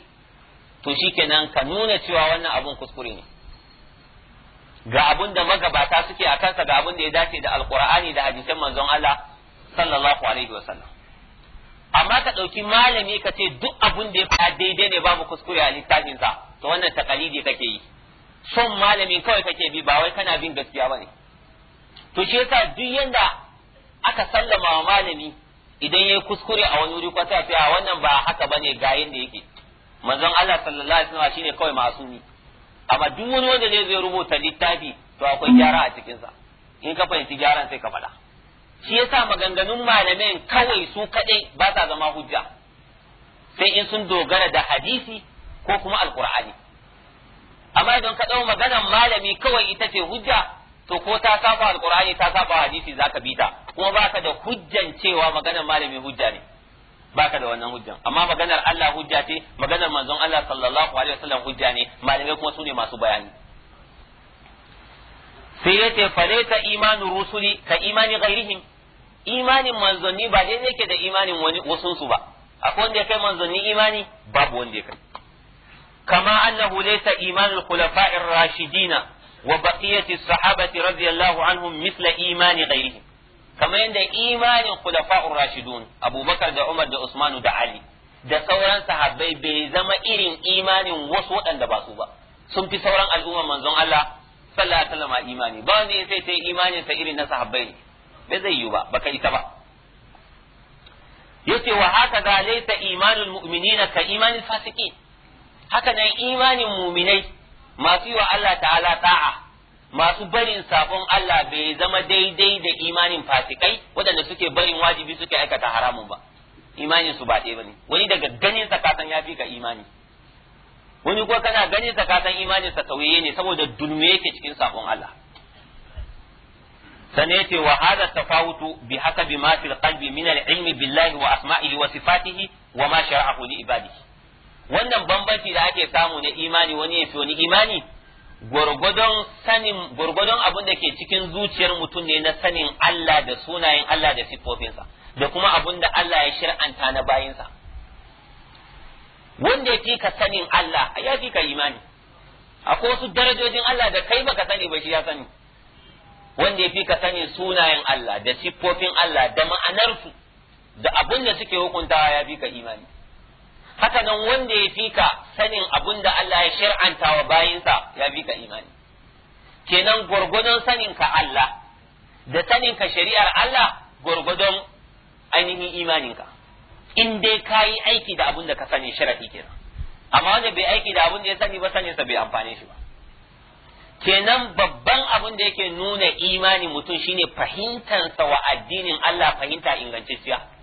to shikenan ka nuna cewa wannan abun kuskure ne ga abin da magabata suke a kansa ga abin da ya dace da alkur'ani da hadisin manzon Allah sallallahu alaihi wa sallam. amma ka ɗauki malami ka ce duk abin da ya faɗa daidai ne babu kuskure a littafinsa to wannan takalidi kake yi son malami kawai kake bi ba wai kana bin gaskiya bane to shi yasa duk yanda aka sallama wa malami idan yayi kuskure a wani wuri kwata a wannan ba haka bane ga yanda yake manzon Allah sallallahu alaihi wa sallam shine kawai masumi amma duk wani wanda ne zai rubuta littafi to akwai gyara a cikinsa in ka fahimci gyaran sai ka faɗa shi yasa maganganun malamin kawai su kaɗai ba sa zama hujja sai in sun dogara da hadisi ko kuma alkur'ani amma idan ka ɗau maganar malami kawai ita ce hujja to ko ta saba alkur'ani ta saba hadisi zaka bi ta kuma ba ka da hujjan cewa maganar malami hujja ne baka da wannan hujjan amma maganar Allah hujja ce maganar manzon Allah sallallahu alaihi wasallam hujja ne malamai kuma su ne masu bayani sai ya ce laita imanu rusuli ka imani ghairihim imanin manzanni ba dai yake da imanin wani wasunsu ba akwai wanda ya kai manzanni imani babu wanda ya kai kama annahu laysa imanul khulafa'ir rashidina wa baqiyati sahabati radiyallahu anhum mithla imani ghairihim kamar yadda imanin khulafa'ur rashidun abubakar da umar da usmanu da ali da sauran sahabbai bai zama irin imanin wasu waɗanda ba su ba sun fi sauran al'ummar manzon Allah sallallahu alaihi wasallam imani ba ne sai sai imanin sa irin na sahabbai ne bai zai yi ba baka ita ba yace wa haka da laysa imanul mu'minina ka imanin fasiqin haka nan imanin mu'minai masu yi wa Allah ta'ala ta'a masu barin sabon Allah bai zama daidai da imanin fasikai waɗanda suke barin wajibi suke aikata haramun ba imanin su ba ɗaya bane wani daga ganin sa kasan ya fi ka imani wani ko kana ganin sa kasan imanin sa tauye ne saboda dulme yake cikin sabon Allah sannan yace wa hada tafawutu bi hasabi ma fil qalbi min al ilmi billahi wa asma'ihi wa sifatihi wa ma shara'ahu li ibadihi wannan bambanci da ake samu na imani wani ya fi wani imani gwargwadon sanin gwargwadon abin da ke cikin zuciyar mutum ne na sanin Allah da sunayen Allah da sifofinsa da kuma abin da Allah ya shir'anta na bayinsa wanda ya fi ka sanin Allah ya fi ka imani akwai wasu darajojin Allah da kai baka sani ba shi ya sani wanda ya fi ka sanin sunayen Allah da siffofin Allah da ma'anarsu da abin da suke hukuntawa ya fi ka imani haka nan wanda ya fi ka sanin abin da Allah ya shar'anta wa bayinsa ya fi ka imani kenan gwargwadon sanin ka Allah da sanin ka shari'ar Allah gwargwadon ainihin imaninka in dai ka yi aiki da abin da ka sani sharafi kenan amma wanda bai aiki da abin da ya sani ba sa bai amfane shi ba kenan babban abin da yake nuna imani mutum shine fahimtansa wa addinin Allah fahimta ingantacciya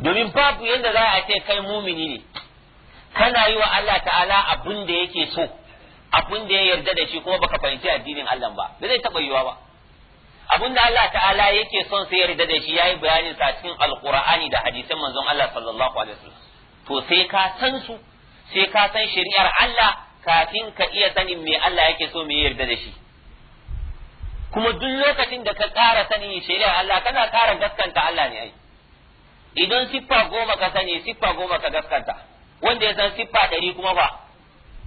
domin babu yadda za a ce kai mumini ne kana yi wa Allah ta'ala abin da yake so abin da ya yarda da shi kuma baka fahimci addinin Allah ba ba zai taba yiwa ba abin da Allah ta'ala yake son sai yarda da shi yayi bayanin sa cikin alqur'ani da hadisan manzon Allah sallallahu alaihi wasallam to sai ka san su sai ka san shari'ar Allah kafin ka iya sanin me Allah yake so me yarda da shi kuma duk lokacin da ka ƙara sanin shari'ar Allah kana ƙara gaskanta Allah ne ai idan siffa goma ka sani siffa goma ka gaskanta wanda ya san siffa ɗari kuma ba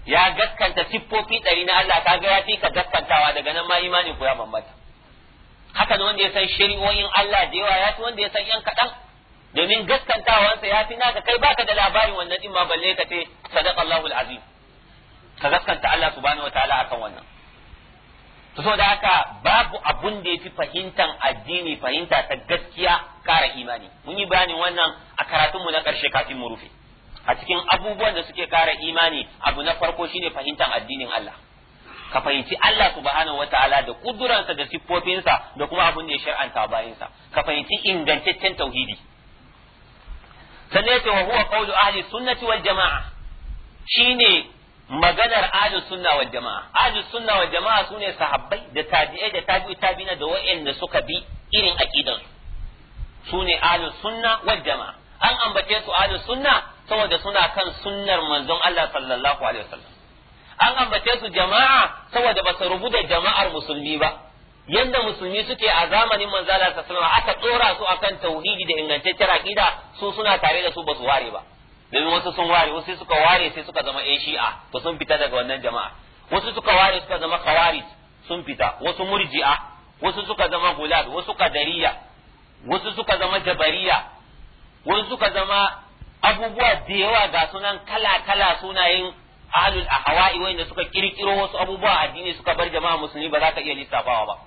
ya gaskanta siffofi ɗari na Allah ta ga ya fi ka gaskantawa daga nan ma imani ku ya bambata haka wanda ya san shari'o'in Allah da yawa ya fi wanda ya san yan kaɗan domin gaskantawansa ya fi naka kai baka da labarin wannan din ma balle ka ce Allahul azim. ka gaskanta Allah subhanahu wataala akan wannan to saboda haka babu abun da yafi fahimtan addini fahimta ta gaskiya imani mun yi bayanin wannan a karatunmu na ƙarshe kafin mu rufe a cikin abubuwan da suke kara imani abu na farko shine fahimtar addinin Allah ka fahimci Allah subhanahu wataala da kuduransa da siffofinsa da kuma abun da ya shar'anta bayansa ka fahimci ingantaccen tauhidi sannan yace wa huwa qawlu ahli sunnati wal jamaa shine maganar ahli sunna wal jamaa ahli sunna wal jamaa sune sahabbai da tabi'ai da tabi'u tabi'ina da wa'anda suka bi irin aqidansu su ne ahlus sunna wal jama'a an ambace su ahlus sunna saboda suna kan sunnar manzon Allah sallallahu alaihi wasallam an ambace su jama'a saboda ba su rubu da jama'ar musulmi ba yanda musulmi suke a zamanin manzo Allah sallallahu alaihi wasallam aka tsora su akan tauhidi da ingantaccen aqida su suna tare da su ba su ware ba domin wasu sun ware wasu suka ware sai suka zama yan shi'a ba sun fita daga wannan jama'a wasu suka ware suka zama khawarij sun fita wasu murji'a wasu suka zama gulad wasu qadariya wasu suka zama jabariya wasu suka zama abubuwa da yawa ga sunan kala-kala sunayen a ahwa'i wanda suka kirkiro wasu abubuwa addini suka bar jama'a musulmi ba za ka iya lissafawa ba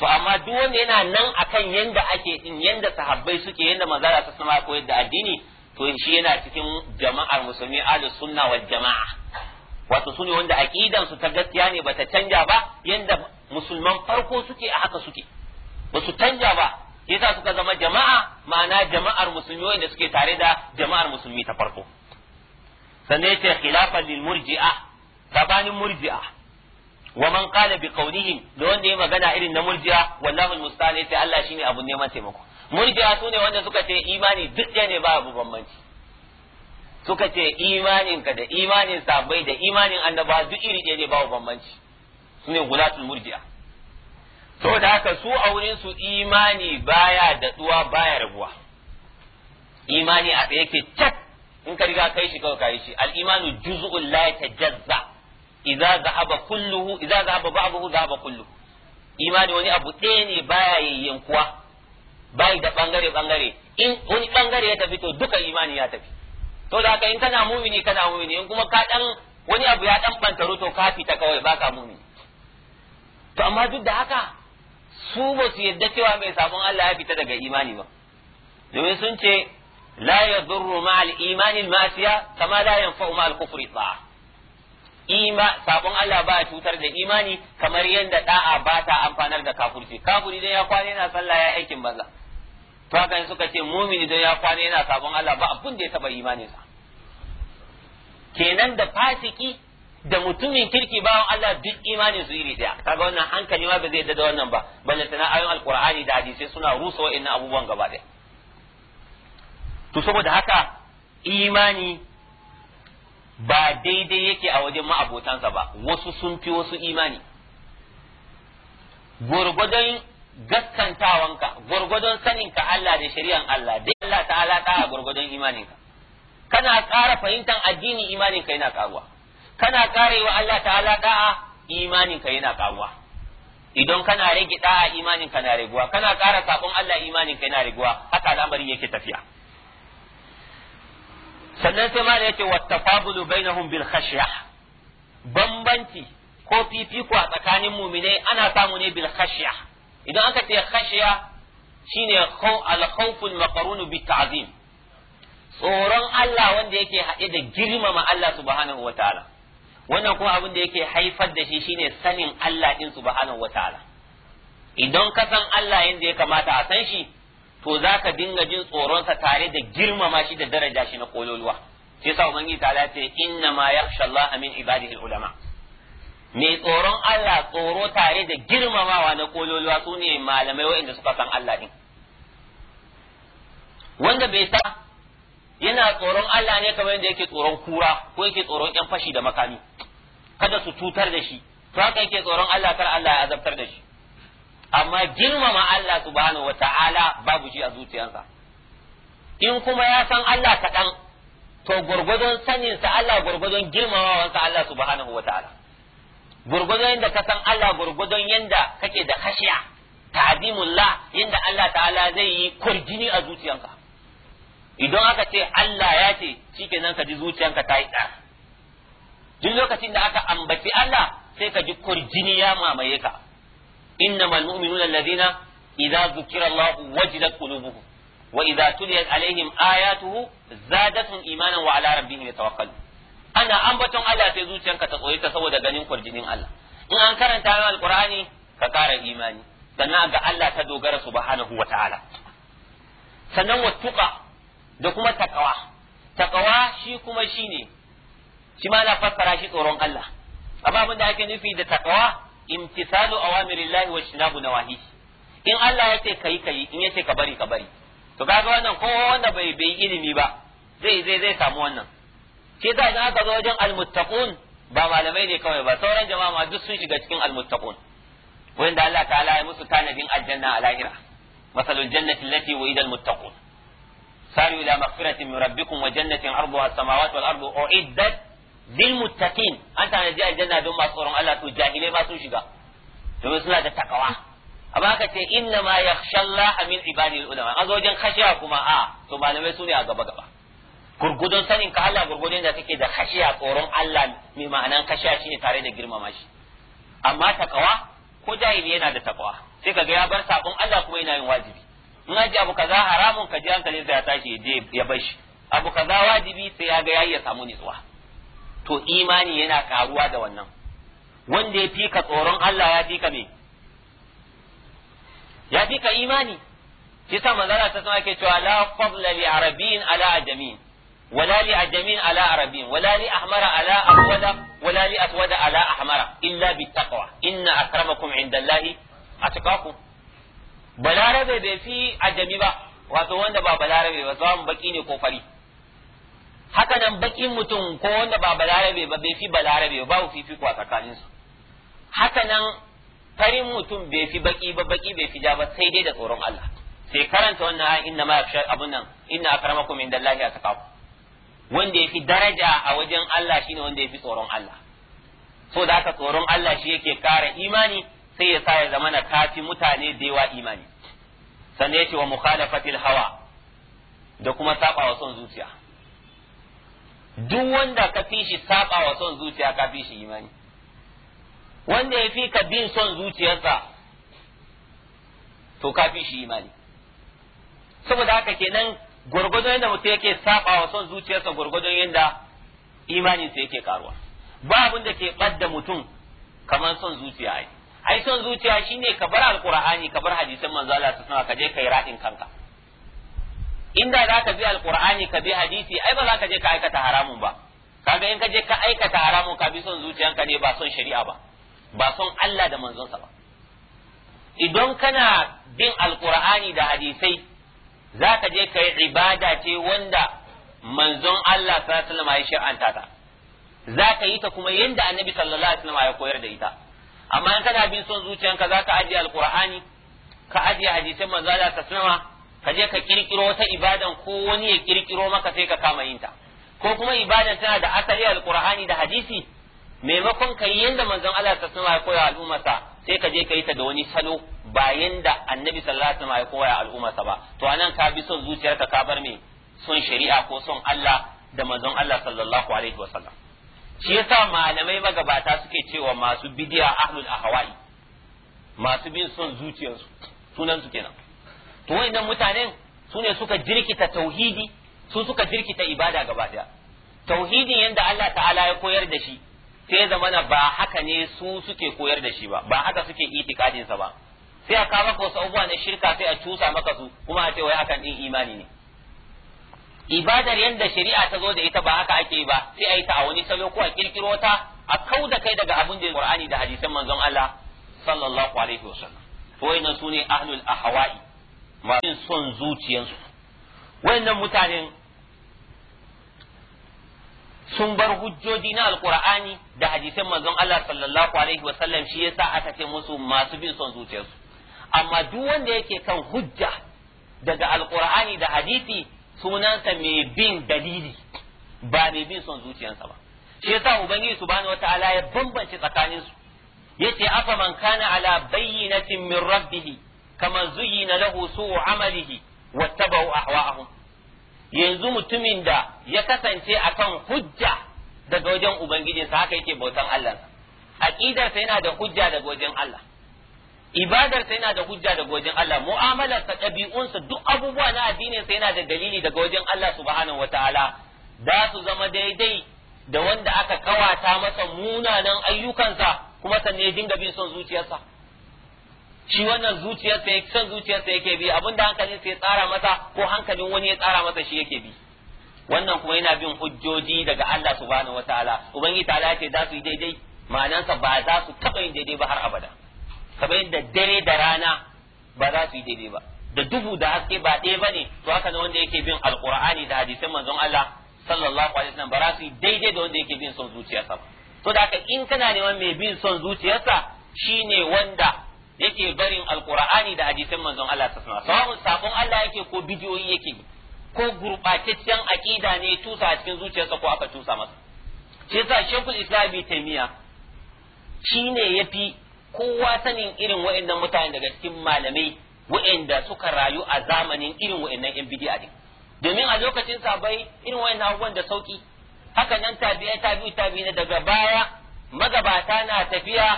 to amma duk wanda yana nan akan yanda ake din yanda sahabbai suke yanda manzara ta sama koyar da addini to shi yana cikin jama'ar musulmi ahlus sunna wal jama'a wato ne wanda aqidan su ta gaskiya ne bata canja ba yanda musulman farko suke a haka suke ba su canja ba yasa suka zama jama'a ma'ana jama'ar musulmi wanda suke tare da jama'ar musulmi ta farko sannan yace khilafan lil murji'a gabanin murji'a wa man qala bi qawlihim da wanda ya magana irin na murji'a wallahu almusta'an yace Allah shine abun neman taimako murji'a sune wanda suka ce imani duk ɗaya ne ba abu bambanci suka ce imaninka da imanin sabai da imanin annabawa duk iri ɗaya ne ba bambanci sune gulatul murji'a saboda haka su a wurin su imani baya datsuwa baya rabuwa imani a tsaye yake cak in ka riga kai shi kawai kai shi al imanu juz'un la yatajazza idza zahaba kulluhu idza zahaba ba'dahu zahaba kulluhu imani wani abu ɗaya ne baya kuwa bai da bangare bangare in wani bangare ya tafi to duka imani ya tafi to da haka in kana mumini kana mumini in kuma ka dan wani abu ya dan bantaro to ka fita kawai baka mumini to amma duk da haka su ba su yadda cewa mai sabon Allah ya fita daga imani ba domin sun ce la yadurru ma al imani masiya kama la yanfa'u ma al kufri ima sabon Allah ba cutar da imani kamar yadda da'a ba ta amfanar da kafirci kafiri dan ya kwana yana sallah ya aikin banza to haka suka ce mumini dan ya kwana yana sabon Allah ba abun da ya taba imaninsa kenan da fasiki da mutumin kirki bawan Allah duk imanin su iri daya kaga wannan hankali ma ba zai dada wannan ba balle tana ayoyin alqur'ani da hadisi suna rusa wa'annan abubuwan gaba daya to saboda haka imani ba daidai yake a wajen ma'abotansa ba wasu sun fi wasu imani gwargwadon gaskantawanka gwargwadon saninka Allah da shari'an Allah da Allah ta'ala ta gwargwadon imaninka kana ƙara fahimtar addini imaninka yana karuwa. kana karewa Allah ta'ala da'a imaninka yana karuwa idan kana rage da'a imaninka na raguwa kana kara sabon Allah imaninka yana raguwa haka al'amarin yake tafiya sannan sai ma da yake wattafadulu bainahum bil khashya bambanci ko fifiko a tsakanin muminai ana samu ne bil khashya idan aka ce khashya shine al khawful maqrun bi ta'zim tsoron Allah wanda yake haɗe da girmama Allah subhanahu wataala wannan kuma abin da yake haifar da shi shine sanin Allah din subhanahu wataala idan ka san Allah yanda ya kamata a san shi to zaka dinga jin tsoron sa tare da girmama shi da daraja shi na kololuwa sai sa ubangi ta ce inna ma yakhsha Allah min ibadihi ulama mai tsoron Allah tsoro tare da girmamawa na kololuwa sune malamai waɗanda suka san Allah din wanda bai sa yana tsoron Allah ne kamar yadda yake tsoron kura ko yake tsoron yan fashi da makami kada su tutar da shi to haka yake tsoron Allah kar Allah ya azabtar da shi amma girmama Allah subhanahu wata'ala babu shi a zuciyarsa in kuma ya san Allah kaɗan to gurgudun sa Allah gurgudun girmamawansa Allah subhanahu wata'ala gurgudun yadda ka san Allah gurgudun yadda kake da hashiya ta'zimullah yadda Allah ta'ala zai yi kurjini a zuciyanka idan aka ce Allah ya ce nan ka ji zuciyanka ta yi ɗa duk lokacin da aka ambaci Allah sai ka ji kurjini ya mamaye ka innamal mu'minuna alladhina idza zukira Allah wajilat qulubuhum wa idza tuliyat alaihim ayatuhu zadatuhum imanan wa ala rabbihim yatawakkalun ana ambaton Allah sai zuciyanka ta tsoye ta saboda ganin kurjinin Allah in an karanta yawan alkur'ani ka kara imani sannan ga Allah ta dogara subhanahu wa ta'ala sannan wattuqa da kuma takawa takawa shi kuma ne. shi ma na fassara shi tsoron Allah ababin da ake nufi da takawa imtisalu awamirillahi wa shinabu nawahi in Allah ya ce kai kai in ya ce ka bari ka bari to kaga wannan ko wanda bai bai ilimi ba zai zai zai samu wannan shi da idan aka zo wajen almuttaqun ba malamai ne kawai ba sauran jama'a ma duk sun shiga cikin almuttaqun wanda Allah ta'ala ya musu tanadin aljanna a lahira masalul jannati allati wa'ida almuttaqun ساروا إلى مغفرة من ربكم وجنة عرضها السماوات والأرض أعدت للمتقين أنت أنا جاء الجنة دون ما صورهم ألا تجاهلي ما تنشقا domin suna da takawa amma aka ce inna ma yakhsha Allah min ibadil ulama an wajen khashiya kuma a to malamai sune a gaba gaba gurgudun sanin ka Allah gurgudun da take da khashiya tsoron Allah mai ma'anan khashiya shine tare da girmama shi amma takawa ko jahili yana da takawa sai kaga ya bar sabon Allah kuma yana yin wajibi in an ce abu kaza haramun ka ji hankalin sa ya tashi je ya bashi abu kaza wajibi sai ya ga yayi ya samu nitsuwa to imani yana karuwa da wannan wanda ya fi ka tsoron Allah ya fi ka me ya fi ka imani kisa manzara ta sama ke cewa la fadla li arabin ala ajamin ولا لأجمين على عربين ولا لأحمر على أسود ولا لأسود على أحمر إلا بالتقوى إن أكرمكم عند الله أتقاكم balarabe bai fi ajami ba wato wanda ba balarabe ba samun baki ne ko fari haka nan bakin mutum ko wanda ba balarabe ba bai fi balarabe ba babu fifiko a tsakanin su haka nan farin mutum bai fi baki ba baki bai fi ja ba sai dai da tsoron Allah sai karanta wannan ayin inna ma yakshar abun nan inna akramakum indallahi atqakum wanda yafi daraja a wajen Allah shine wanda yafi tsoron Allah so da haka tsoron Allah shi yake kare imani sai ya sa ya zamana kafi mutane da yawa imani sannan yace wa mukhalafatil hawa da kuma saba wa son zuciya duk wanda ka fi shi saba wa son zuciya ka fi shi imani wanda ya fi ka bin son zuciyarsa to ka fi shi imani saboda haka kenan gwargwadon yadda mutum yake saba wa son zuciyarsa gwargwadon yadda imaninsa yake karuwa ba abin da ke ɓadda mutum kamar son zuciya ai ai son zuciya shine ka bar alqur'ani ka bar hadisan manzo Allah ta sanar ka je kai radin kanka inda za ka bi alqur'ani ka bi hadisi ai ba za ka je ka aikata haramun ba kaga in ka je ka aikata haramun ka bi son zuciyanka ne ba son shari'a ba ba son Allah da manzonsa ba idan kana bin alqur'ani da hadisai za ka je ka yi ibada ce wanda manzon Allah sallallahu alaihi wasallam ya shar'anta ta za ka yi ta kuma yanda annabi sallallahu alaihi wasallam ya koyar da ita amma in kana bin son zuciyanka za ka ajiye alkur'ani ka ajiye hadisan manzo Allah ta sunama ka je ka kirkiro wata ibadan ko wani ya kirkiro maka sai ka kama yinta. ko kuma ibadan tana da asali alkur'ani da hadisi maimakon ka yi yanda manzo Allah ta sunama ya koya al'ummarsa sai ka je ka yi ta da wani salo ba yanda annabi sallallahu alaihi wasallam ya koya al'ummarsa ba to anan ka bi son zuciyarka ka bar me son shari'a ko son Allah da manzon Allah sallallahu alaihi wasallam shi yasa malamai magabata suke cewa masu bidiya ahlul ahwa'i masu bin son zuciyarsu sunan su kenan to wayannan mutanen su ne suka jirkita tauhidi su suka jirkita ibada gaba daya tauhidin yanda Allah ta'ala ya koyar da shi sai zamana ba haka ne su suke koyar da shi ba ba haka suke itikadin sa ba sai a kawo maka wasu abubuwa na shirka sai a cusa maka su kuma a ce wai hakan din imani ne ibadar yanda shari'a ta zo da ita ba haka ake ba sai a yi ta a wani salo ko a kirkiro ta a kau da kai daga abin da Qur'ani da hadisan manzon Allah sallallahu alaihi wasallam to wayannan sune ahlul ahwa'i masu son zuciyansu wayannan mutanen sun bar hujjoji na alqur'ani da hadisan manzon Allah sallallahu alaihi wasallam shi yasa aka ce musu masu bin son zuciyarsu amma duk wanda yake kan hujja daga alqur'ani da hadisi sunansa mai bin dalili ba mai bin son zuciyarsa ba shi yasa ubangiji subhanahu wataala ya bambance tsakanin su yace afa man kana ala bayyinatin min rabbih kama zuyyina lahu su'u amalihi wattaba'u ahwa'ahum yanzu mutumin da ya kasance a kan hujja daga wajen ubangijinsa haka yake bautan Allah aƙidarsa yana da hujja daga wajen Allah ibadarsa yana da hujja daga wajen Allah mu'amalarsa ɗabi'unsa duk abubuwa na addininsa yana da dalili daga wajen Allah subhanahu wataala za su zama daidai da wanda aka kawata masa munanan ayyukansa kuma sannan ya dinga bin son zuciyarsa shi wannan zuciyarsa yake son zuciyarsa yake bi abinda hankalin sa ya tsara masa ko hankalin wani ya tsara masa shi yake bi wannan kuma yana bin hujjoji daga Allah subhanahu wataala ubangiji ta'ala ce za su yi daidai ma'anansa ba za su taɓa yin daidai ba har abada kamar yadda dare da rana ba za su yi daidai ba da duhu da haske ba ɗaya ba ne to haka ne wanda yake bin alkur'ani da hadisan manzon Allah sallallahu alaihi wasallam ba za su yi daidai da wanda yake bin son zuciyarsa ba to da haka in kana neman mai bin son zuciyarsa shine wanda yake barin alkur'ani da hadisan manzon Allah sallallahu alaihi wasallam sabon Allah yake ko bidiyoyi yake ko gurɓataccen aƙida ne tusa a cikin zuciyarsa ko aka tusa masa shi yasa shekul islam bi taimiya shine yafi kowa sanin irin wa'annan mutane daga cikin malamai wa'anda suka rayu a zamanin irin wa'annan yan bidi'a din domin a lokacin sabai irin wa'annan abubuwan da sauki haka nan tabi'a tabi'u tabi'a daga baya magabata na tafiya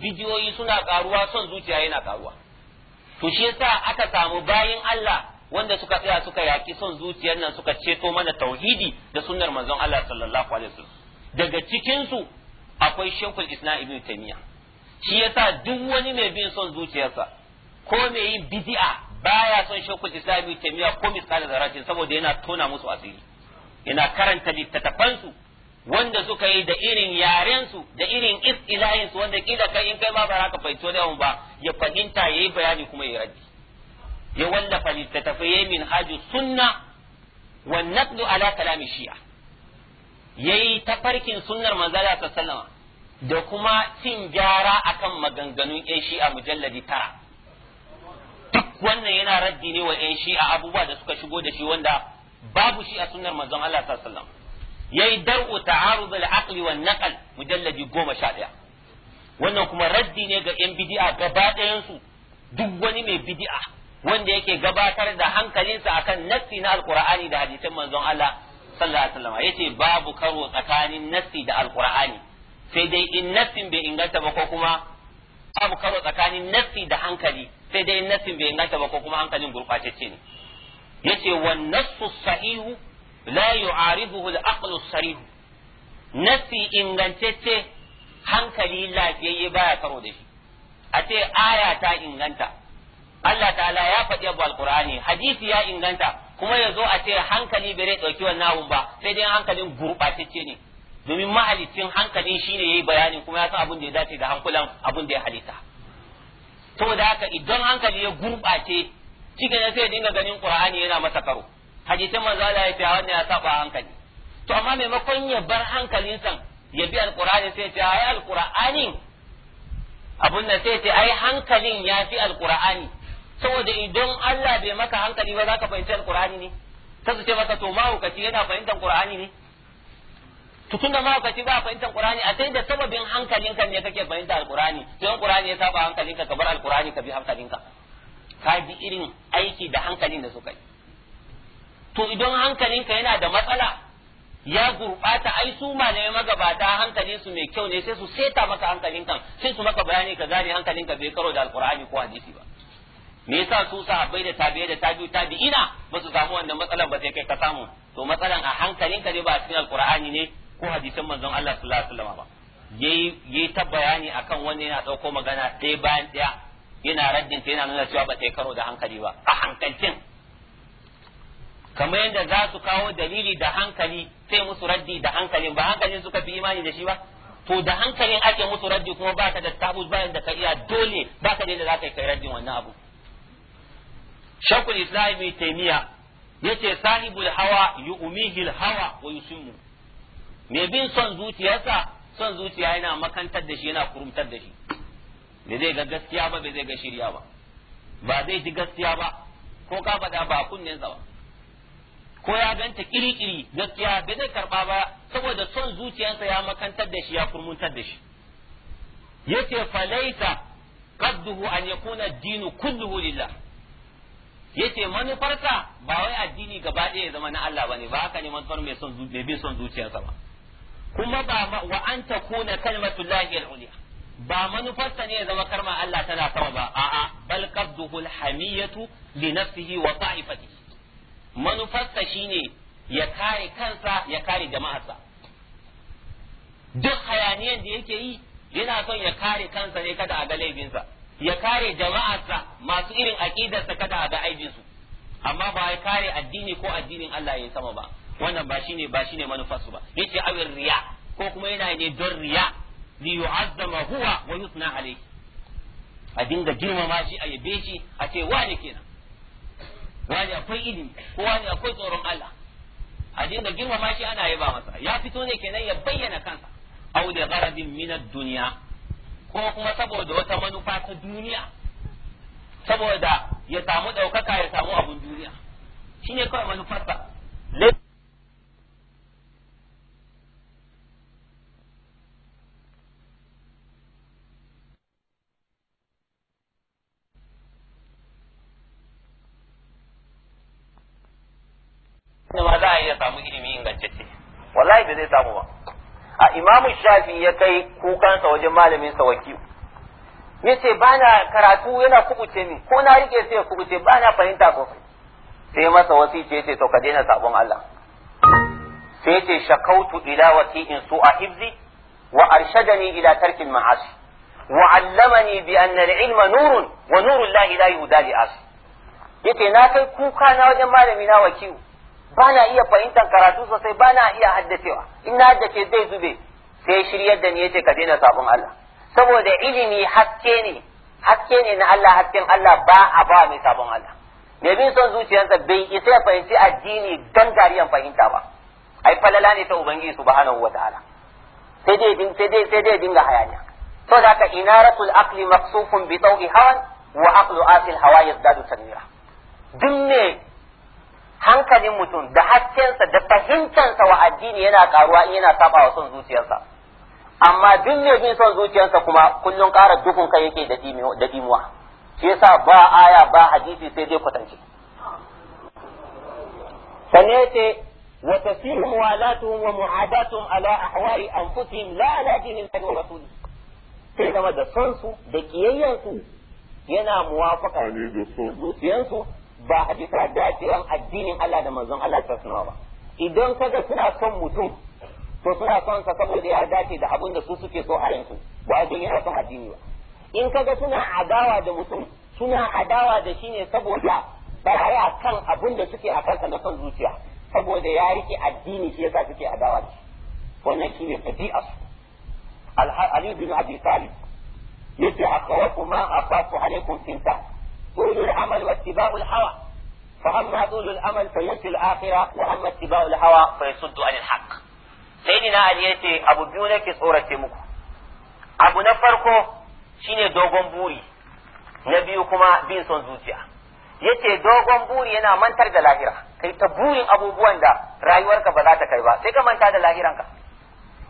bidiyoyi suna karuwa son zuciya yana karuwa to shi yasa aka samu bayin Allah wanda suka tsaya suka yaki son zuciyar nan suka ceto mana tauhidi da sunnar manzon Allah sallallahu alaihi wasallam daga cikin su akwai Sheikhul Islam Ibn Taymiyyah shi yasa duk wani mai bin son zuciyarsa ko mai yin bid'a baya son shekul islami miya ko misali zaratin saboda yana tona musu asiri yana karanta su wanda suka yi da irin yarensu da irin su wanda kila kai in kai ba ba ka fahimto da yawan ba ya fahimta yayi bayani kuma ya raddi ya wallafa littattafai yayi min haju sunna wa naqdu ala kalami shi'a yayi tafarkin sunnar manzala sallallahu alaihi da kuma cin gyara akan maganganun yan shi'a mujalladi tara duk wannan yana raddi ne wa yan shi'a abubuwa da suka shigo da shi wanda babu shi a sunar manzon Allah sallallahu alaihi wasallam yayi dar'u ta'arud al-aql wa naƙal mujalladi ɗaya. wannan kuma raddi ne ga yan bidi'a gaba ɗayansu duk wani mai bidi'a wanda yake gabatar da hankalinsa akan nassi na alƙur'ani da hadisin manzon Allah sallallahu alaihi wasallam yace babu karo tsakanin nassi da alƙur'ani. sai dai in nafin bai inganta ba ko kuma abu karo tsakanin nafi da hankali sai dai in nafin bai inganta ba ko kuma hankalin gurɓatacce ne yace wan nassu sahihu la yu'aribuhu al-aqlu sarihu nassi ingantacce hankali lafiyayye baya karo da shi a ce aya ta inganta Allah ta'ala ya faɗi abu alqur'ani hadisi ya inganta kuma yazo a ce hankali bai dauki wannan ba sai dai hankalin gurɓatacce ne domin mahalicin ne shine yi bayani kuma ya san abin da ya dace da hankulan abin da ya halitta saboda haka idan hankali ya gurɓace cikin sai ya dinga ganin qur'ani yana masa karo hadisin manzo Allah ya fiya wannan ya saba hankali to amma maimakon ya bar hankalin san ya bi alqur'ani sai ya ce ai alqur'ani abun da sai ya ce ai hankalin ya fi alqur'ani saboda idan Allah bai maka hankali ba zaka fahimci alqur'ani ne sai su ce maka to hukaci yana fahimtar qur'ani ne to tun da mahaukaci ba fahimtar qur'ani a sai da sababin ka ne kake fahimta alqur'ani sai qur'ani ya saba hankalinka ka bar alqur'ani ka bi hankalin ka bi irin aiki da hankalin da suka yi to idan hankalinka yana da matsala ya gurbata ai su ne magabata hankalin su mai kyau ne sai su seta maka ka sai su maka bayani ka gane hankalinka bai karo da alqur'ani ko hadisi ba me yasa su sahabbai da tabi'ai da tabi'u tabi'ina ba su samu wannan matsalan ba sai kai ka samu to matsalan a hankalinka ne ba a cikin alqur'ani ne ko hadisan manzon Allah sallallahu alaihi wasallam ba yayi yayi ta bayani akan wani yana dauko magana ɗaya bayan ɗaya yana raddin ta yana nuna cewa ba sai karo da hankali ba a hankalcin kamar yadda za su kawo dalili da hankali sai musu raddi da hankalin ba hankalin suka fi imani da shi ba to da hankalin ake musu raddi kuma ba ka da tabus bayan da ka iya dole ba ka da za ka kai raddin wannan abu shakul islam ibn taymiya yace sahibul hawa yu'mihil hawa wa yusimmu mai bin son zuciyarsa son zuciya yana makantar da shi yana kurumtar da shi bai zai ga gaskiya ba bai zai ga shirya ba ba zai ji gaskiya ba ko ka faɗa ba kunnen ba ko ya ganta kirikiri gaskiya bai zai karba ba saboda son zuciyarsa ya makantar da shi ya kurmuntar da shi yace falaita qadduhu an yakuna ad-dinu kulluhu lillah yace manufarsa ba wai addini gaba ɗaya ya zama na Allah bane ba haka ne manufar mai mai bin son zuciyarsa ba kuma ba wa an kalmatu lahi al uliya ba manufarsa ne ya zama karma Allah tana sama ba a'a bal qabduhu al-hamiyatu li nafsihi wa ta'ifati manufarsa shine ya kare kansa ya kare jama'arsa duk hayaniyan da yake yi yana son ya kare kansa ne kada a ga laifinsa ya kare jama'arsa masu irin aqidarsa kada a ga aibinsu amma ba ya kare addini ko addinin Allah ya sama ba wannan ba shine ba shine manufarsu ba yace awir riya ko kuma yana ne don riya li yu'azzama huwa wa yusna alayhi a dinga girmama shi a yabe shi a ce wani kenan wani akwai ilimi ko wani akwai tsoron Allah a dinga girmama shi ana yaba masa ya fito ne kenan ya bayyana kansa aw da gharadin min ad-dunya ko kuma saboda wata manufa ta duniya saboda ya samu ɗaukaka ya samu abun duniya shine kawai manufarsa ne ma za a iya samu ilimi ingantacce wallahi ba zai samu ba a imamu shafi ya kai kukansa wajen malamin sa ce ba na karatu yana kubuce ni ko na rike sai ya kubuce bana fahimta ko sai masa ce yace to ka daina sabon Allah sai ce shakautu ila su a hifzi wa arshadani ila tarkil ma'asi wa 'allamani bi anna al-ilma nurun wa nuru Allah la yuhda as yace na kai kuka na wajen malami na wakiyu ba na iya fahimtar karatu sosai ba na iya haddacewa in na haddace zai zube sai shiryar da ni yace ka daina sabon Allah saboda ilimi haske ne haske ne na Allah hasken Allah ba a ba mai sabon Allah mai bin son zuciyarsa bai isa ya fahimci addini gangariyan fahimta ba ai falala ne ta ubangiji subhanahu wataala sai dai din sai dai sai dai dinga hayaniya to da ka inaratul aqli maqsufun bi taw'i hawan wa aqlu asil hawa yazdadu sanira
duk
hankalin mutum da haskensa da fahimtansa wa addini yana karuwa in yana saba wa son zuciyarsa amma duk mai bin son zuciyarsa kuma kullum ƙara dukun kai yake da dimuwa shi yasa ba aya ba hadisi sai dai kwatance sannan ce, wa la tum wa mu'adatuhum ala ahwari anfusihim la ala dinin wa rasuli
sai da son su da kiyayyansu
yana muwafaka ne da son zuciyarsu ba a bisa dacewan addinin Allah da manzon Allah ta suna ba idan kaga suna son mutum to suna son sa saboda ya dace da abin da su suke so a yansu ba don yana son addini ba in kaga suna adawa da mutum suna adawa da shi ne saboda yi kan abin da suke a kansa na son zuciya saboda ya rike addini shi yasa suke adawa da shi wannan a tabi'a Ali bin Abi Talib yace akawatu ma afafu alaikum tinta يريد العمل واتباع الهوى فأما طول الأمل فيأتي الآخرة وأما اتباع الهوى فيصد عن الحق سيدنا علي yace abu biyu nake tsorace muku abu na farko shine dogon buri na biyu kuma yace dogon buri yana mantar da lahira kai ta burin abubuwan da rayuwarka ba za ta kai ba sai ka manta da lahiranka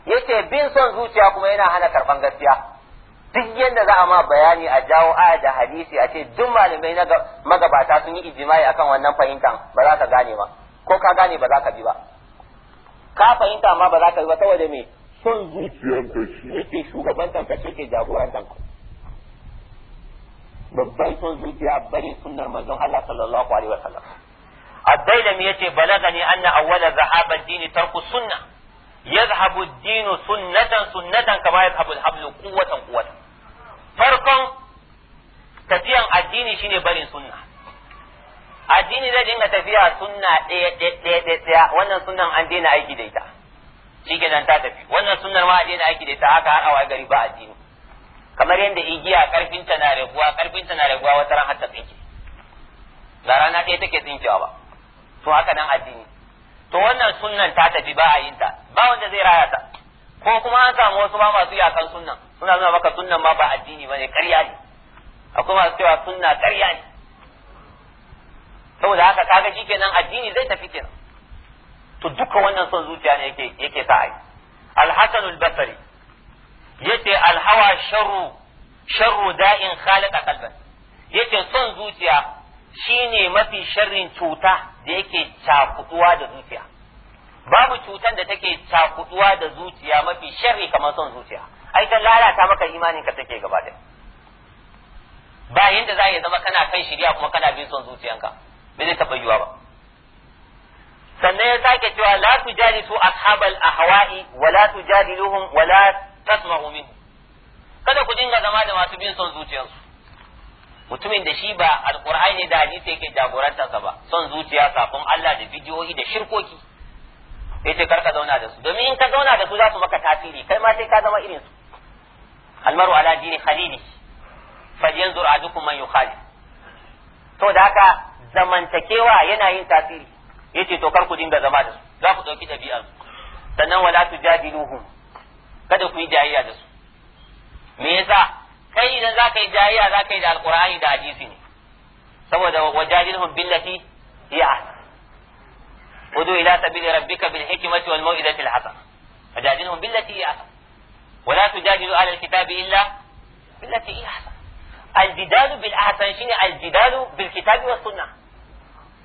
yace bin son zuciya kuma yana hana karban gaskiya duk yadda za a ma bayani a jawo aya da hadisi a ce duk malamai na magabata sun yi ijimai akan wannan fahimtan ba za ka gane ba ko ka gane ba za ka bi ba ka fahimta ma ba za ka bi ba saboda me
son zuciyarka shi
yake shugabantan ka shi ke jagorantan ka babban son zuciya bari sunnar manzon Allah sallallahu alaihi wasallam الديلمي يتي بلغني أن أول zahabar dini tarku السنة yadhhabu ad-dinu sunnatan sunnatan kama yadhhabu al-hablu quwwatan quwwatan farkon tafiyan addini shine barin sunna addini zai dinga tafiya sunna ɗaya wannan sunnan an daina aiki da ita shi kenan ta tafi wannan sunnar ma a daina aiki da ita haka har awa gari ba addini kamar yadda igiya karfin ta na raguwa karfin na raguwa wata ran ta tsinke ba rana ɗaya take tsinkewa ba to haka nan addini to wannan sunnan ta tafi ba a yin ta ba wanda zai raya ta ko kuma an samu wasu ma masu yakan sunnan suna nuna maka sunnan ma ba addini bane ƙarya ne akwai masu cewa sunna ƙarya ne saboda haka kaga shikenan addini zai tafi kenan to duka wannan son zuciya ne yake yake sa ai al-hasan al-basri yace al-hawa sharru sharru da'in khalaqa qalban yace son zuciya Shi ne mafi sharrin cuta da yake cakuduwa da zuciya babu cutar da take cakuduwa da zuciya mafi sharri kamar son zuciya ai ta lalata maka imanin ka take gaba da ba yanda za ya zama kana kan shirya kuma kana bin son zuciyanka bai zai taɓa yiwa ba sannan ya sake cewa la tujalisu ashabal ahwa'i wa la tujadiluhum wa la tasma'u minhum kada ku dinga zama da masu bin son zuciyarsu mutumin da shi ba ne da hadisi yake jagoranta sa ba son zuciya kafin Allah da bidiyoyi da shirkoki sai ce karka zauna da su domin in ka zauna da su za su maka tasiri kai ma sai ka zama irin su almaru ala dini khalili falyanzur ahadukum man yukhali to da haka zamantakewa yana yin tasiri yace to kar ku dinga zama da su za ku dauki dabi'ar sannan wala tujadiluhum kada ku yi jayayya da su me yasa kai idan za ka yi jayayya za ka yi da alkur'ani da hadisi ne saboda wajajilhum billati ya wudu ila sabili rabbika bil hikmati wal mau'izati al hasana wajajilhum billati ya ولا تجادلوا أهل الكتاب إلا بالتي هي أحسن الجدال بالأحسن شنو الجدال بالكتاب والسنة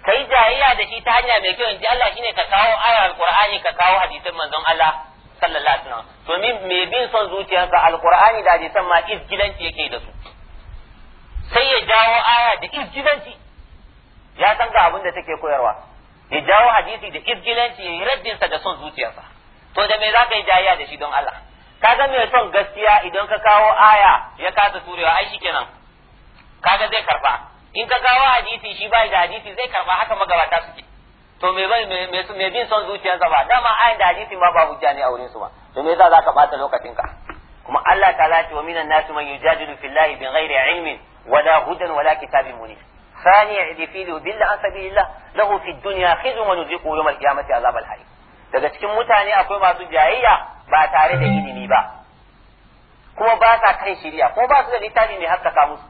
kai jayayya da shi ta hanya mai kyau in ji Allah shine ka kawo ayar alqur'ani ka kawo hadisin manzon Allah sallallahu alaihi wasallam domin me bin son zuciyarsa alqur'ani da hadisan ma izgilanci yake da su sai ya jawo aya da izgilanci ya san ga abin da take koyarwa ya jawo hadisi da izgilanci ya yi sa da son zuciyarsa to da me za ka yi jayya da shi don Allah ka ga mai son gaskiya idan ka kawo aya ya kasa turewa ai shikenan kaga zai karba in ka kawo hadisi shi bai da hadisi zai karba haka magabata suke to me zai me bin son zuciyarsa ba dama ayin da hadisi ma ba hujja ne a wurin su ba to me yasa zaka bata lokacin ka kuma Allah Ta ce wa minan nasu man yujadilu fillahi bighairi ilmin wala hudan wala kitabin munir ثاني عدفيل يدل عن سبيل الله له في الدنيا خزي ونذيقه يوم القيامة عذاب الحريق daga cikin mutane akwai masu jayayya ba tare da ilimi ba kuma ba sa kan shiriya kuma ba su da littafi mai haskaka musu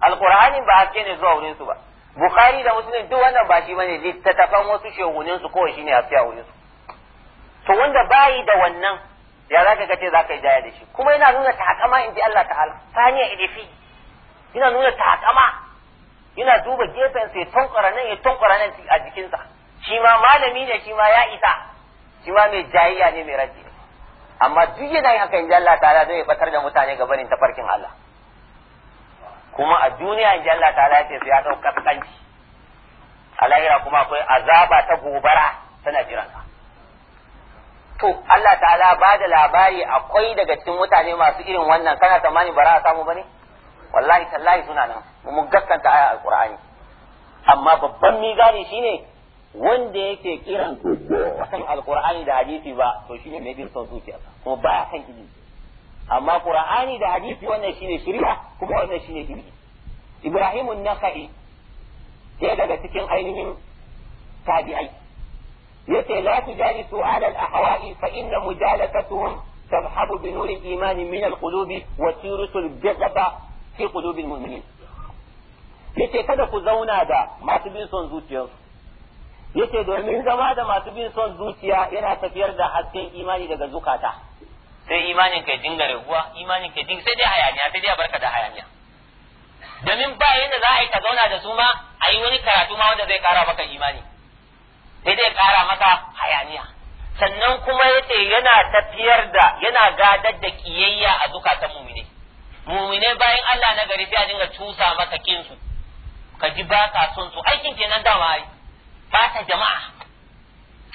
alqur'ani ba haske ne zuwa wurin su ba bukhari da muslim duk wannan ba shi bane littattafan wasu shehunin su kawai shine a fiya wurin su to wanda bayi da wannan ya zaka ga ce zaka yi jaya da shi kuma yana nuna takama in ji Allah ta'ala saniya idifi yana nuna takama yana duba gefen sai ya nan ya tunkara nan a jikinsa shi ma malami ne shi ma ya isa shi ma mai jayayya ne mai raji amma duk yana yin haka in ji Allah ta'ala zai batar da mutane ga barin tafarkin Allah kuma a duniya in Allah ta lafiya sai ya dau kaskanci a lahira kuma akwai azaba ta gobara tana jiran ka to Allah ta'ala ba da labari akwai daga cikin mutane masu irin wannan kana tsammani ba za a samu bane wallahi tallahi suna nan mu gaskanta aya alqur'ani amma babban mizani shine wanda yake kiran alqur'ani da hadisi ba to shine mai bin son zuciya kuma baya kan kiji amma qur'ani da hadisi wannan shine shari'a kuma wannan shine shirki ibrahim an-nakhai sai daga cikin ainihin tabi'ai yace la tujalisu ala al-ahwa'i fa inna mujalasatuhum min al-qulubi wa tirsul jazaba fi qulubi al-mu'minin yace kada ku zauna da masu bin son zuciya yace domin zama da masu bin son zuciya yana tafiyar da hasken imani daga zukata sai imanin ka dinga raguwa imanin ka dinga sai dai hayaniya sai dai barka da hayaniya domin ba yadda za a yi ka zauna da su ma a yi wani karatu ma wanda zai kara maka imani sai dai kara maka hayaniya sannan kuma yace yana tafiyar da yana gadar da kiyayya a zukatan mumine mumine bayan Allah na gari sai a dinga cusa maka kinsu ka ji ba ka son su aikin kenan dama ai ba ta jama'a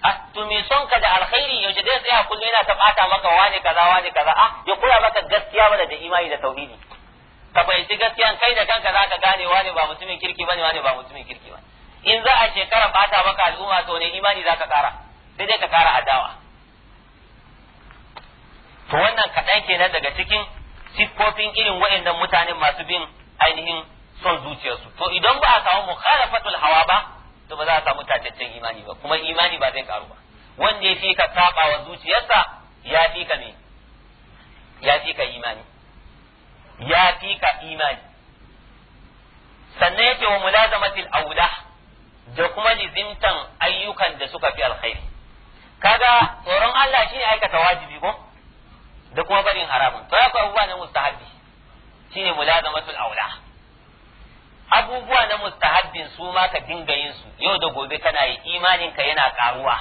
to me son ka da alkhairi yaushe zai tsaya kullum yana ta bata maka wane kaza wane kaza a, ya kula maka gaskiya bada da imani da tauhidi ka fahimci gaskiya kai da kanka zaka gane wane ba mutumin kirki bane wane ba mutumin kirki bane in za a shekara bata maka al'umma to ne imani zaka kara sai dai ka kara adawa to wannan kaɗan kenan daga cikin siffofin irin waɗannan mutanen masu bin ainihin son zuciyarsu to idan ba a samu mukhalafatul hawa ba to ba za a samu tataccen imani ba kuma imani ba zai karu ba wanda ya fi ka saba wa zuciyarsa ya fi ka ya fi ka imani ya fi ka imani sannan yake wa mulazamatil aula da kuma lizimtan ayyukan da suka fi alkhairi kaga tsoron Allah shi ne aikata wajibi ko da kuma barin haramun to ya faru ne mustahabi shine mulazamatul aula abubuwa na mustahabbin su ma ka dinga yin su yau da gobe kana yi imanin ka yana karuwa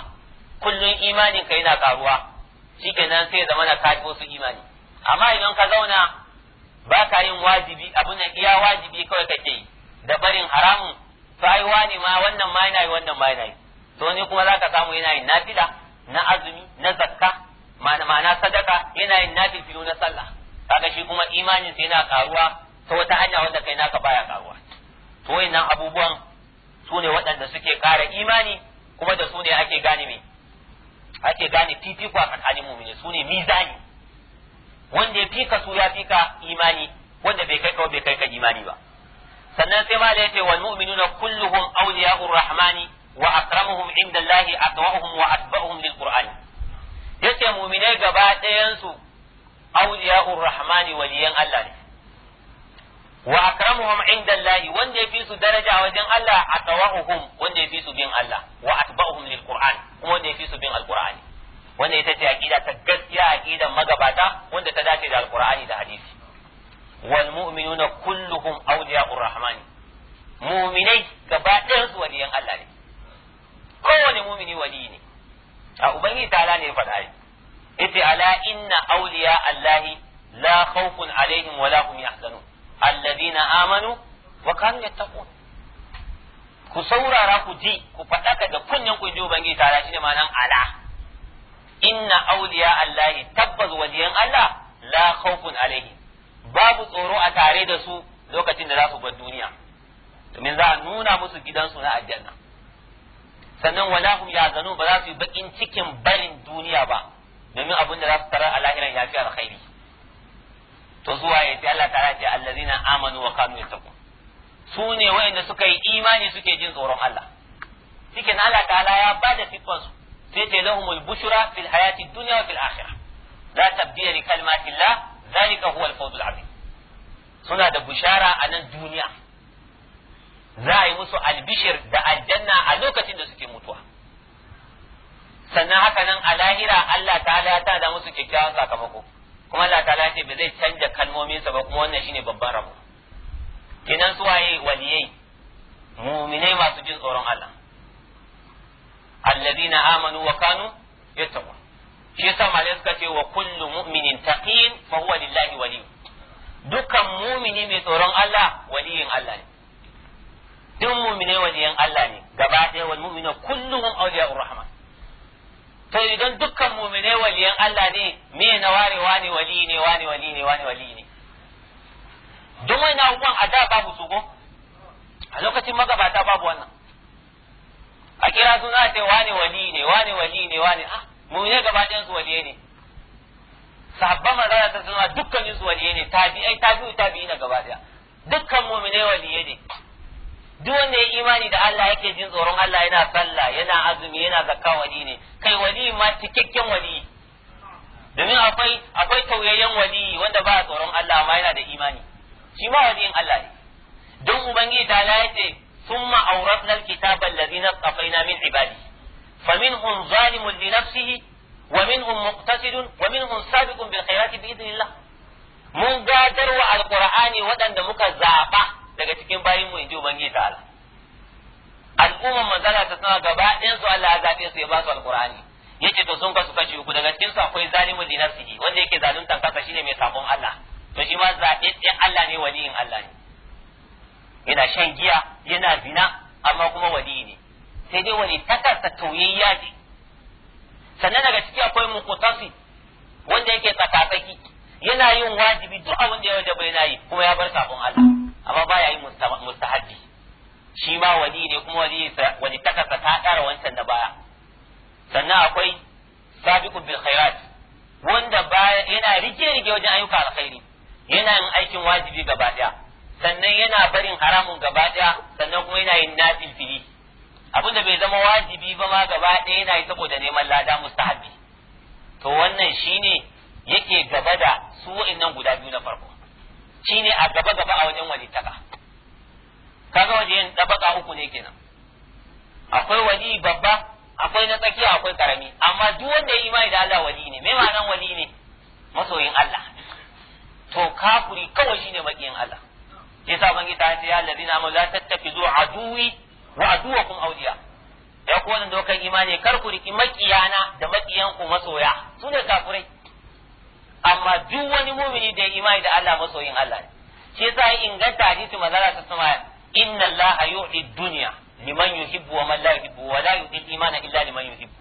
kullun imanin ka yana karuwa shikenan sai zama na kafi wasu imani amma idan ka zauna ba ka yin wajibi abin da iya wajibi kawai kake yi da barin haramun to ai wani ma wannan ma yana yi wannan ma yana yi to ni kuma zaka samu yana yin nafila na azumi na zakka ma'ana sadaka yana yin nafilu na sallah kaga shi kuma imanin sai yana karuwa ta wata hanya wanda kai naka baya karuwa to abubuwan su ne waɗanda suke ƙara imani kuma da su ne ake gane me ake gane fifiko a tsakanin mumini su ne mizani wanda ya fika su ya fika imani wanda bai kai bai kai ka imani ba sannan sai ma da yace wal mu'minuna kulluhum awliya'ur rahmani wa akramuhum inda Allah atwahum wa asbahum lil qur'ani yace mu'minai gaba ɗayan su awliya'ur rahmani waliyan Allah ne wa akramuhum inda Allah wanda ya fi su daraja wajen Allah a atawahuhum wanda ya fi su bin Allah wa atba'uhum lil Qur'an kuma wanda ya fi su bin Al-Qur'ani. wanda ita ce aqida ta gaskiya aqidan magabata wanda ta dace da Al-Qur'ani da hadisi wal mu'minuna kulluhum awliya'ur rahmani mu'minai gaba ɗayan su waliyan Allah ne kowane mu'mini wali ne a ubangiji ta'ala ne ya faɗa ita ala inna awliya Allahi la khawfun alaihim wa la hum yahzanun alladhina amanu wa kanu ku saurara ku ji ku faɗaka da kunyan ku ji ubangiji ta shi ne nan ala inna awliya allahi tabbas waliyan allah la khawfun alaihi babu tsoro a tare da su lokacin da za su bar duniya domin za a nuna musu gidansu na aljanna sannan wala hum yazanu ba za su yi bakin cikin barin duniya ba domin abin da za su tarar a lahiran yafi alkhairi to zuwa ya ce Allah ta'ala ce allazina amanu wa kanu yattaqun su ne wayanda suka yi imani suke jin tsoron Allah cikin Allah ta'ala ya bada sifar su sai ce lahumul bushra fil hayati dunya wa fil akhirah la tabdila li kalimati Allah zalika huwa al-fawzul azim suna da bushara a nan duniya za a yi musu albishir da aljanna a lokacin da suke mutuwa sannan haka nan a lahira Allah ta'ala ya da musu kyakkyawan sakamako kuma Allah ta'ala ce ba zai canja kalmominsa ba kuma wannan shine babban rabo kenan su waye waliyai mu'minai masu jin tsoron Allah alladina amanu wa kanu yattaqun shi yasa malai suka ce wa kullu mu'minin taqin fa huwa lillahi wali dukkan mu'mini mai tsoron Allah waliyin Allah ne duk mu'minai waliyan Allah ne gaba ɗaya wal mu'minu kulluhum awliya'ur rahman to idan dukkan mumine waliyan Allah ne me na warewa ne wali ne wani wali ne wani wali ne don wani abubuwan a da babu su go a lokacin magabata babu wannan a kira suna ce wani wali ne wani wali ne wani ah mumine gaba ɗayan su waliye ne sahabban manzara ta suna dukkanin su waliye ne tabi'ai tabi'u tabi'i na gaba ɗaya dukkan mumine waliye ne duk wanda ya imani da Allah yake jin tsoron Allah yana sallah yana azumi yana zakka wali ne kai wali ma cikakken wali domin akwai akwai tauyayyen wali wanda ba tsoron Allah ma yana da imani shi ma waliyin Allah ne don ubangiji ta la yace thumma awratna alkitaba alladhina safaina min ibadi faminhum zalimun li nafsihi wa minhum muqtasidun wa minhum sabiqun bil khairati bi idnillah mun gadarwa alqur'ani waɗanda muka zaba daga cikin bayin mu inji ubangiji Allah al'umman manzala ta sama gaba ɗayan su Allah ya zaɓe su ya ba su alqur'ani yace to sun kasu kashi uku daga cikin su akwai zalimin li nafsihi wanda yake zaluntan kansa shine mai sabon Allah to shi ma zaɓaɓɓen Allah ne waliyin Allah ne
yana shan giya
yana zina amma kuma wali ne sai dai wani takarsa tauyayya ce sannan daga ciki akwai mukutasi wanda yake tsaki yana yin wajibi duk abin da ya wajaba yana yi kuma ya bar sabon Allah amma baya yin mustahabbi shi ma wani ne kuma wani wani takasa ta kara wancan da baya sannan akwai sabiqu bil khairat wanda baya yana rike rike wajen ayyuka alkhairi yana yin aikin wajibi gaba daya sannan yana barin haramun gaba daya sannan kuma yana yin nafil fili abinda bai zama wajibi ba ma gaba daya yana yi saboda neman lada mustahabbi to wannan shine yake gaba da su wa'annan guda biyu na farko Shi ne a gaba gaba a wajen walitaka kaga wajen dabaka uku ne kenan akwai wali babba akwai na tsakiya akwai karami amma duk wanda ya imani da Allah wali ne me nan wali ne masoyin Allah to kafuri kawai shine makiyin Allah sa bangi ta ce ya ladina ma la tattakizu aduwi wa aduwakum awliya ya ku wannan dokan imani kar ku riki makiyana da makiyan ku masoya su ne kafurai amma duk wani mumini da imani da Allah masoyin Allah ne shi yasa ya inganta hadisi manzara ta sama inna Allah yu'ti dunya liman yuhibbu wa man la yuhibbu wa la yu'ti imana illa liman yuhibbu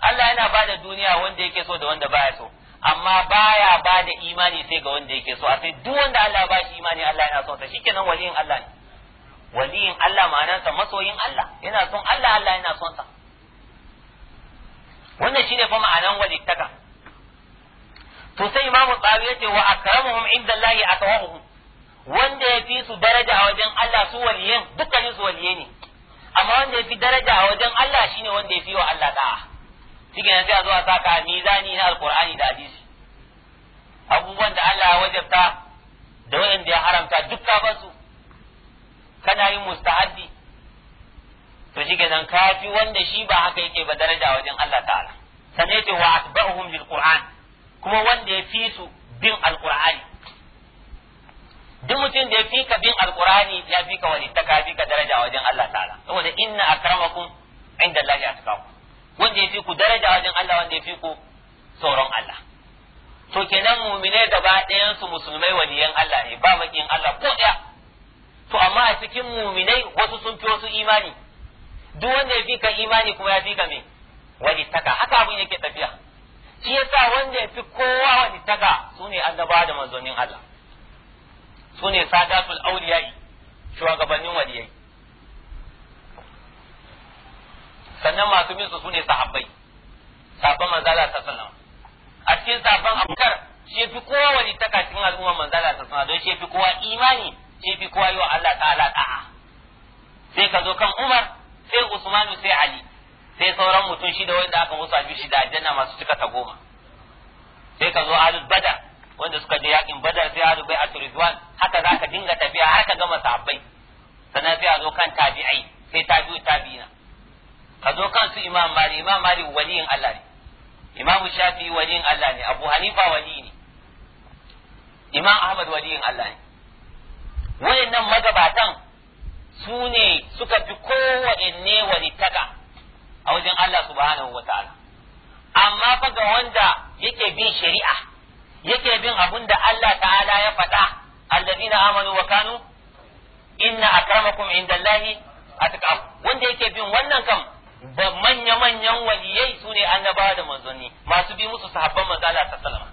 Allah yana bada duniya wanda yake so da wanda baya so amma baya bada imani sai ga wanda yake so a sai duk wanda Allah ba shi imani Allah yana son sa shikenan waliyin Allah ne waliyin Allah ma'anarsa masoyin Allah yana son Allah Allah yana son sa wannan shine fa ma'anan walittaka to sai imamu tsawi yace wa akramuhum inda Allahi atawahum wanda ya fi su daraja a wajen Allah su waliyan dukkanin su waliye ne amma wanda ya fi daraja a wajen Allah shine wanda ya fi wa Allah da'a shi yanzu sai a zo a saka mizani na alkur'ani da hadisi abubuwan da Allah ya wajabta da wanda ya haramta dukka ba su kana yin mustahabbi to shi kenan kafi wanda shi ba haka yake ba daraja a wajen Allah ta'ala sanai ce wa atba'uhum bil kuma wanda ya fi su bin alkur'ani duk mutum da ya fi ka bin alkur'ani ya fi ka wani ta fi ka daraja wajen Allah ta'ala saboda inna akramakum inda Allah ya tukaku wanda ya fi ku daraja wajen Allah wanda ya fi ku tsoron Allah to kenan mumine gaba ɗayan su musulmai waliyan Allah ne ba makin Allah ko ɗaya to amma a cikin muminai wasu sun fi wasu imani duk wanda ya fi ka imani kuma ya fi ka me wani taka haka abin yake tafiya shi yasa wanda ya fi kowa wani taga su ne annaba da manzonin Allah su ne sadatul auliyai shugabannin waliyai sannan masu bin su su ne sahabbai sahabban manzala ta sallam a cikin sahabban abukar shi ya fi kowa wani taga cikin al'ummar manzala ta sallam don shi ya fi kowa imani shi ya fi kowa yi wa Allah ta'ala ta'a sai ka zo kan Umar sai Usmanu sai Ali sai sauran mutum shi da wanda aka musu abin shi da aljanna masu cika ta goma sai ka zo ahlul badar wanda suka je yakin badar sai ahlul bai ridwan haka za ka dinga tafiya har ka gama sahabbai sannan sai a zo kan tabi'ai sai tabi'u tabi'ina ka zo kan su imam mali imam mali waliyin Allah ne imam shafi waliyin Allah ne abu hanifa wali ne imam ahmad waliyin Allah ne wayannan magabatan su ne suka fi kowanne taga a wajen Allah subhanahu wataala amma fa ga wanda yake bin shari'a yake bin abin da Allah ta'ala ya faɗa alladina amanu wa kanu inna akramakum indallahi atqakum wanda yake bin wannan kam da manya-manyan waliyai su ne annabawa da manzanni masu bi musu sahabban manzala ta salama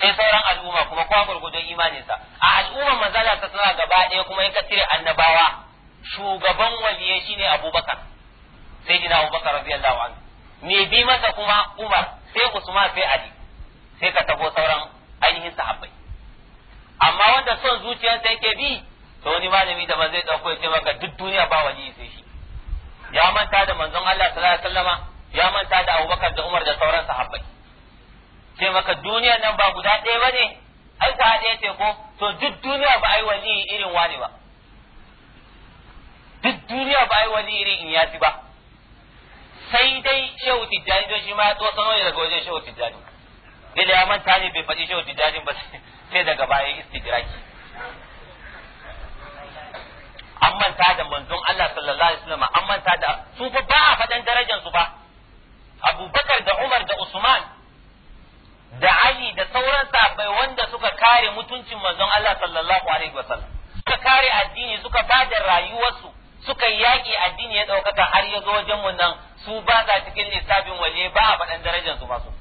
sai sauran al'umma kuma kwa gurgudun imaninsa a al'ummar manzala ta salama gaba ɗaya kuma ya ka cire annabawa shugaban waliyai shine abubakar Sai sayyidina Abubakar radiyallahu anhu me bi masa kuma Umar sai Usman sai Ali sai ka tabo sauran ainihin sahabbai amma wanda son zuciyarsa yake bi to wani malami da ba zai dauko ya ce maka duk duniya ba wani sai shi ya manta da manzon Allah sallallahu alaihi wasallama ya manta da Abubakar da Umar da sauran sahabbai ce maka duniya nan ba guda ɗaya bane ai ta ɗaya ce ko to duk duniya ba ai wani irin wani ba duk duniya ba ai wani irin in yasi ba sai dai shehu tijjani don shi ma ya tsosano ne daga wajen shehu tijjani dai da ya manta ne bai faɗi shehu tijjani ba sai daga baya istidraki an manta da manzon Allah sallallahu alaihi wasallam an manta da su fa ba a faɗan darajar su ba Abubakar da Umar da Usman da Ali da sauran sahabbai wanda suka kare mutuncin manzon Allah sallallahu alaihi wasallam suka kare addini suka bada rayuwarsu suka yaƙi addini ya ɗaukaka har ya zo wajen nan su ba sa cikin lissafin waje ba a faɗan darajar su masu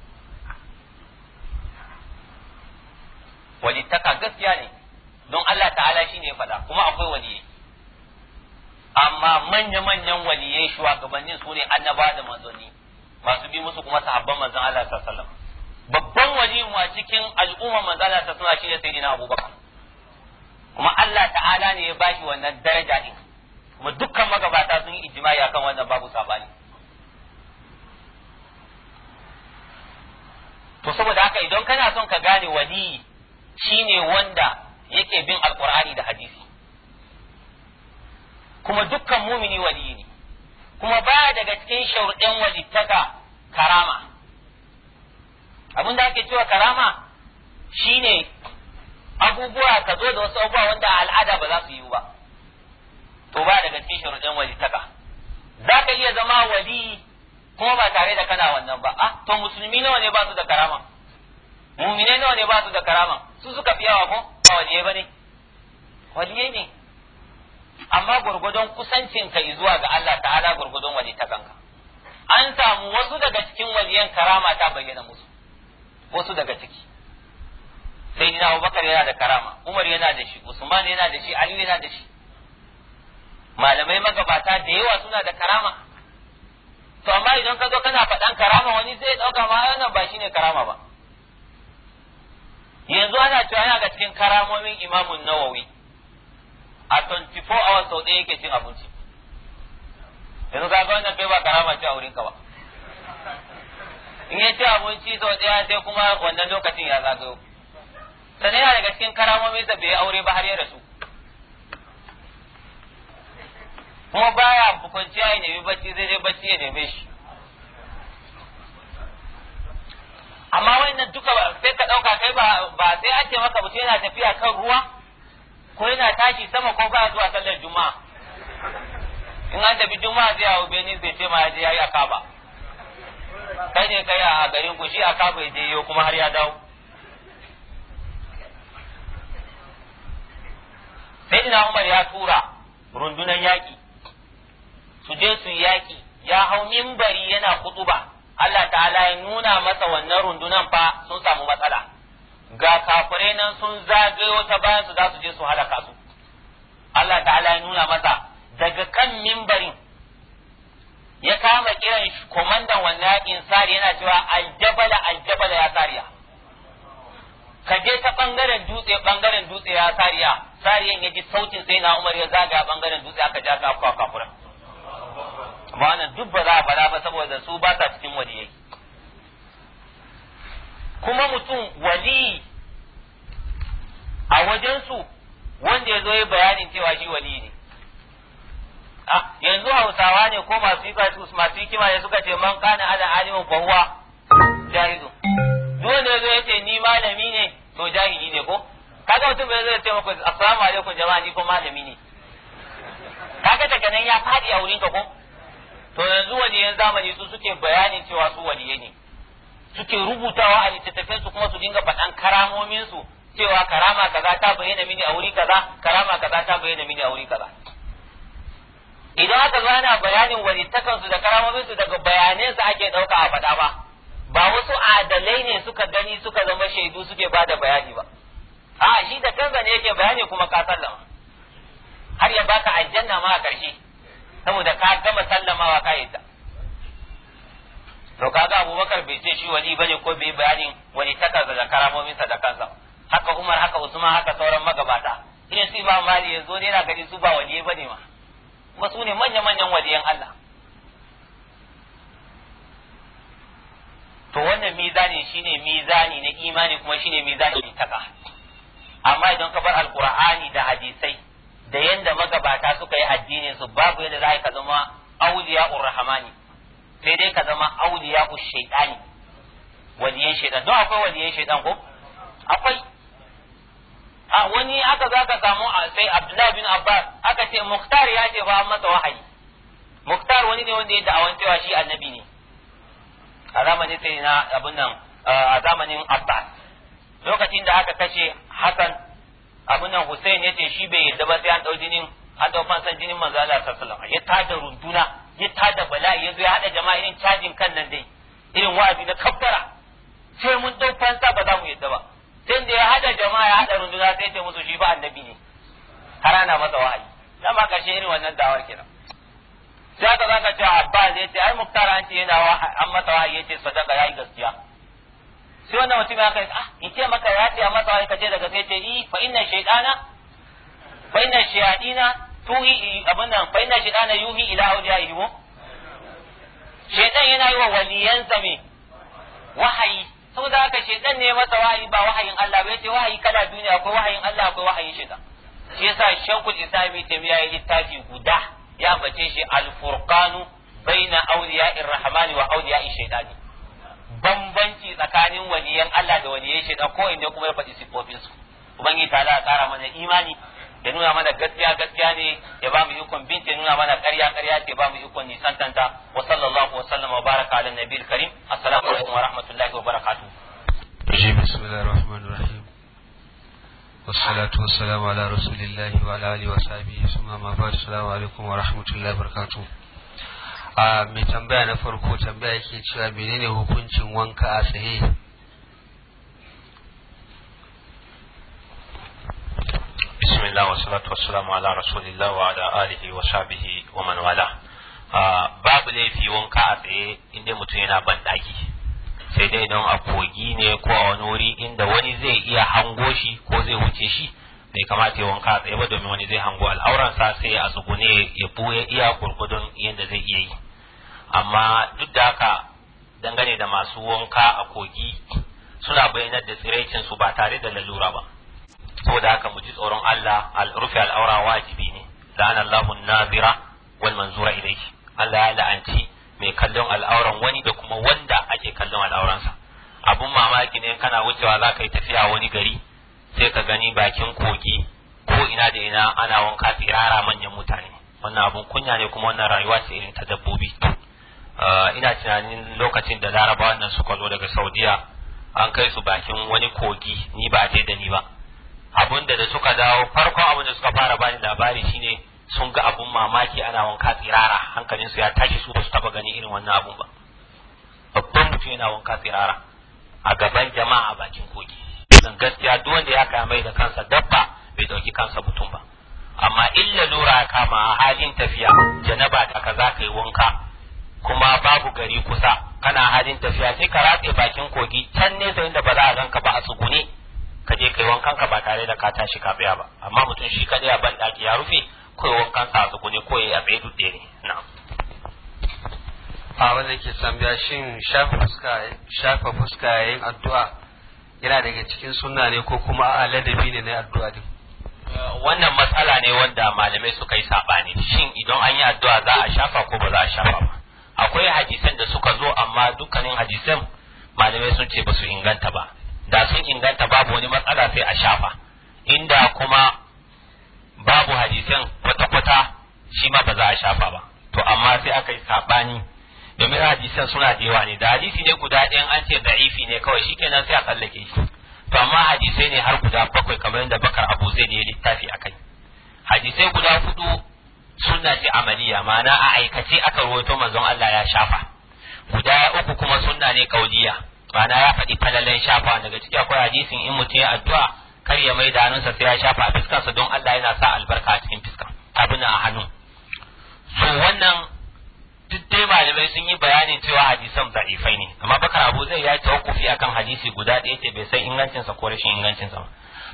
walittaka gaskiya ne don Allah ta'ala shi ya faɗa kuma akwai waliye. amma manya-manyan waliye shuwagabannin su ne annaba da manzanni masu bi musu kuma sahabban mazan Allah ta sallam. babban waliyin a cikin al'umma manzon Allah sallallahu alaihi wasallam shine sayyidina Abubakar kuma Allah ta'ala ne ya bashi wannan daraja ne. kuma dukkan magabata sun yi ijimai akan wannan babu sabani to saboda haka idan kana son ka gane wali shine wanda yake bin alkur'ani da hadisi kuma dukkan mumini wali ne kuma baya daga cikin sharuɗin walittaka karama abinda ake cewa karama shine abubuwa ka zo da wasu abubuwa wanda al'ada ba za su yi ba to ba daga cikin wali taka za ka iya zama wali ko ba tare da kana wannan ba ah to musulmi nawa ne ba su da karama Muminai nawa ne ba su da karama su suka fi yawa ko ba waliye ba ne waliye ne amma gurgudun ka zuwa ga Allah ta'ala gurgudun walitakanka an samu wasu daga cikin waliyan karama ta bayyana musu wasu daga ciki
sai ni Abubakar
yana da karama Umar yana da shi Usman yana da shi Ali yana da shi malamai magabata da yawa suna da karama to amma idan ka zo kana faɗan karama wani zai ɗauka ma wannan ba shine karama ba yanzu ana cewa yana ga cikin karamomin imamun nawawi a 24 hours sau ɗaya yake cin abinci yanzu ka ga wannan kai ba karama ce a wurin ka ba in ya ci abinci sau ɗaya sai kuma wannan lokacin ya zagayo sannan yana daga cikin karamomin sa bai aure ba har ya rasu Kuma baya kwanciya ya nemi bacci zai dai bacci ya neme shi amma wannan duka sai ka ɗauka kai ba sai ake maka mutum yana tafiya kan ruwa ko yana tashi sama ko ba zuwa sallar juma'a in an tafi juma'a zai hawo benin zai ce ma ya je ya yi akaba kai ne kai a garin ku shi akaba ya je yau kuma har ya dawo sai ina umar ya tura rundunar yaƙi su je su yaƙi ya hau mimbari yana kutuba Allah ta'ala ya nuna masa wannan rundunan fa sun samu matsala ga kafirai nan sun zagayo ta bayan su za su je su halaka su Allah ta'ala ya nuna masa daga kan mimbarin ya kama kiran komandan wannan insari yana cewa aljabala aljabala ya sariya ka je ta bangaren dutse bangaren dutse ya sariya sariyan ya ji sautin sai na umar ya zaga bangaren dutse aka ja ka kafuran wannan duk ba za a fara ba saboda su ba sa cikin waliyai kuma mutum wali a wajensu wanda ya zo yi bayanin cewa shi wali ne yanzu hausawa ne ko masu yi masu hikima ne suka ce man kana ala alimin fahuwa jahizu dole ne zo ya ce ni malami ne to jahili ne ko kaga mutum bai zai ce maka assalamu alaikum jama'a ni ko malami ne kaga daga nan ya fadi a wurinka ko to yanzu waliyan zamani su suke bayanin cewa su waliyai ne suke rubutawa a littattafin su kuma su dinga faɗan karamomin su cewa karama kaza ta bayyana mini a wuri kaza karama kaza ta bayyana mini a wuri kaza idan aka zana bayanin walittakan su da karamomin su daga bayanan su ake dauka a faɗa ba ba wasu adalai ne suka gani suka zama shaidu suke bada bayani ba a shi da kansa ne yake bayani kuma ka sallama har ya baka aljanna ma a ƙarshe saboda ka gama sallamawa ka ta to kaga abubakar bai ce shi wani bane ko bai bayanin wani takarda da karamomin sa da kansa haka umar haka usman haka sauran magabata irin su imam mali ya zo ne yana gani su ba wani bane ma kuma su ne manya manyan waliyan Allah to wannan mizani shine mizani na imani kuma shine mizani na taka amma idan ka bar alqur'ani da hadisai da yanda magabata suka yi addinin su babu yadda za ka zama auliya urrahmani sai dai ka zama auliya ushaitani waliyan shaitan don akwai waliyan shaitan ko akwai a wani aka za ka samu a sai abdullahi bin abbas aka ce muktar ya ce ba masa wahayi muktar wani ne wanda ya awan cewa shi annabi ne a zamanin sai na abun nan a zamanin abbas lokacin da aka kashe hasan abin nan Hussein yace shi bai yadda ba sai an dau jinin an dau fansan jinin manzo Allah sallallahu alaihi ya tada runduna ya tada bala'i yanzu ya hada jama'a irin cajin kan nan dai irin wa'azi na kafara sai mun dau fansa ba za mu yadda ba sai da ya hada jama'a ya hada runduna sai ya ce musu shi ba annabi ne har ana masa wa'azi dan ma kashe irin wannan dawar kenan sai ka zaka ce Abbas ce ai Muktar an ce yana wa'azi an masa wa'azi yace sadaka yayi gaskiya sai wannan mutum ya kai ah in ce maka ya ce masa wai kace daga sai ce i eh, fa inna shaytana fa inna shayatina tuhi abin nan fa inna shaytana yuhi ila awjaihi shaytan yana yi wa waliyansa me wahayi saboda haka shaytan ne masa wahayi ba wahayin Allah ba yace wahayi kala duniya akwai wahayin Allah akwai wahayin shaytan shi yasa shekul ta miya ya littafi guda ya bace shi al-furqanu baina awliya'ir rahmani wa awliya'ish shaytani bambanci tsakanin waliyan Allah da waliyan shaitan ko inda kuma ya faɗi siffofin su ubangi ta Allah tsara mana imani ya nuna mana gaskiya gaskiya ne ya ba mu ikon bin ya nuna mana ƙarya ƙarya ce ba mu ikon nisantanta wa sallallahu wa sallama wa baraka ala nabiyil karim assalamu alaikum wa rahmatullahi wa barakatuh
bismillahir rahmanir rahim salatu والسلام على ala الله wa آله وصحبه ثم ما assalamu alaikum wa rahmatullahi wa barakatuh a mai tambaya na farko tambaya yake cewa menene hukuncin wanka a tsaye bismillah wa salatu wa salamu ala rasulillah wa ala alihi
wa sahbihi wa man wala babu laifi wanka a tsaye inda mutum yana bandaki sai dai don a kogi ne ko a wani wuri inda wani zai iya hango shi ko zai wuce shi bai kamata ya wanka tsaye ba domin wani zai hango al'auransa sai a tsugune ya buye iya gurgudun yadda zai iya yi amma duk da haka dangane da masu wanka a kogi suna bayyanar da tsiraicin su ba tare da lalura ba saboda haka mu ji tsoron Allah al-rufi al-aura wajibi ne la'ana Allahun nazira wal manzura ilayhi Allah ya la'anci mai kallon al'auran wani da kuma wanda ake kallon al'auransa abun mamaki ne kana wucewa za ka yi tafiya wani gari sai ka gani bakin kogi ko ina da ina ana wanka tsirara manyan mutane wannan abun kunya ne kuma wannan rayuwa ce irin ta dabbobi ah, ina tunanin lokacin da laraba nan suka zo daga saudiya an kai su bakin wani kogi ni ba je da ni ba abun da suka dawo farkon abun da suka fara bani labari shine sun ga abun mamaki ana wanka tsirara su ya tashi su ba su taba gani irin wannan abun ba babban mutum yana wanka tsirara a gaban jama'a bakin kogi hadisin gaskiya duk wanda ya kama da kansa dabba bai dauki kansa mutum ba amma illa lura ya kama a halin tafiya janaba ta kaza za wanka kuma babu gari kusa kana halin tafiya sai ka ratse bakin kogi can sai inda ba za a ganka ba a tsugune ka je kai
wankan ka ba tare da ka tashi ka biya ba
amma mutum shi kadai a ban daki ya rufe ko wankan sa a tsugune
ko ya bai dudde ne na. a wanda ke tambaya shin shafa fuska yayin addu'a yana daga cikin sunna ne ko kuma a ladabi ne na addu'a din wannan matsala ne wanda malamai suka yi sabani
shin idan an yi addu'a za a shafa ko ba za a shafa ba akwai hadisan da suka zo amma dukkanin hadisan malamai sun ce ba su inganta ba da sun inganta babu wani matsala sai a shafa inda kuma babu hadisan kwata-kwata shi ma ba za a shafa ba to amma sai aka yi sabani domin hadisan suna da yawa ne da hadisi ne guda ɗayan an ce da'ifi ne kawai shikenan sai a tsallake shi to amma hadisai ne har guda bakwai kamar yadda bakar abu zai ne littafi a kai hadisai guda hudu sunna ce amaliya ma'ana a aikace aka rawaito manzon Allah ya shafa guda uku kuma suna ne kauliya ma'ana ya faɗi falalen shafa daga ciki akwai hadisin in mutum ya addu'a kar ya mai da hannunsa sai ya shafa a fiskarsa don Allah yana sa albarka a cikin fiska abin a hannu so wannan duk dai malamai sun yi bayanin cewa hadisan za'ifai ne amma bakar abu zai ya tawakkufi akan hadisi guda ɗaya ce bai san ingancinsa ko rashin ingancinsa ba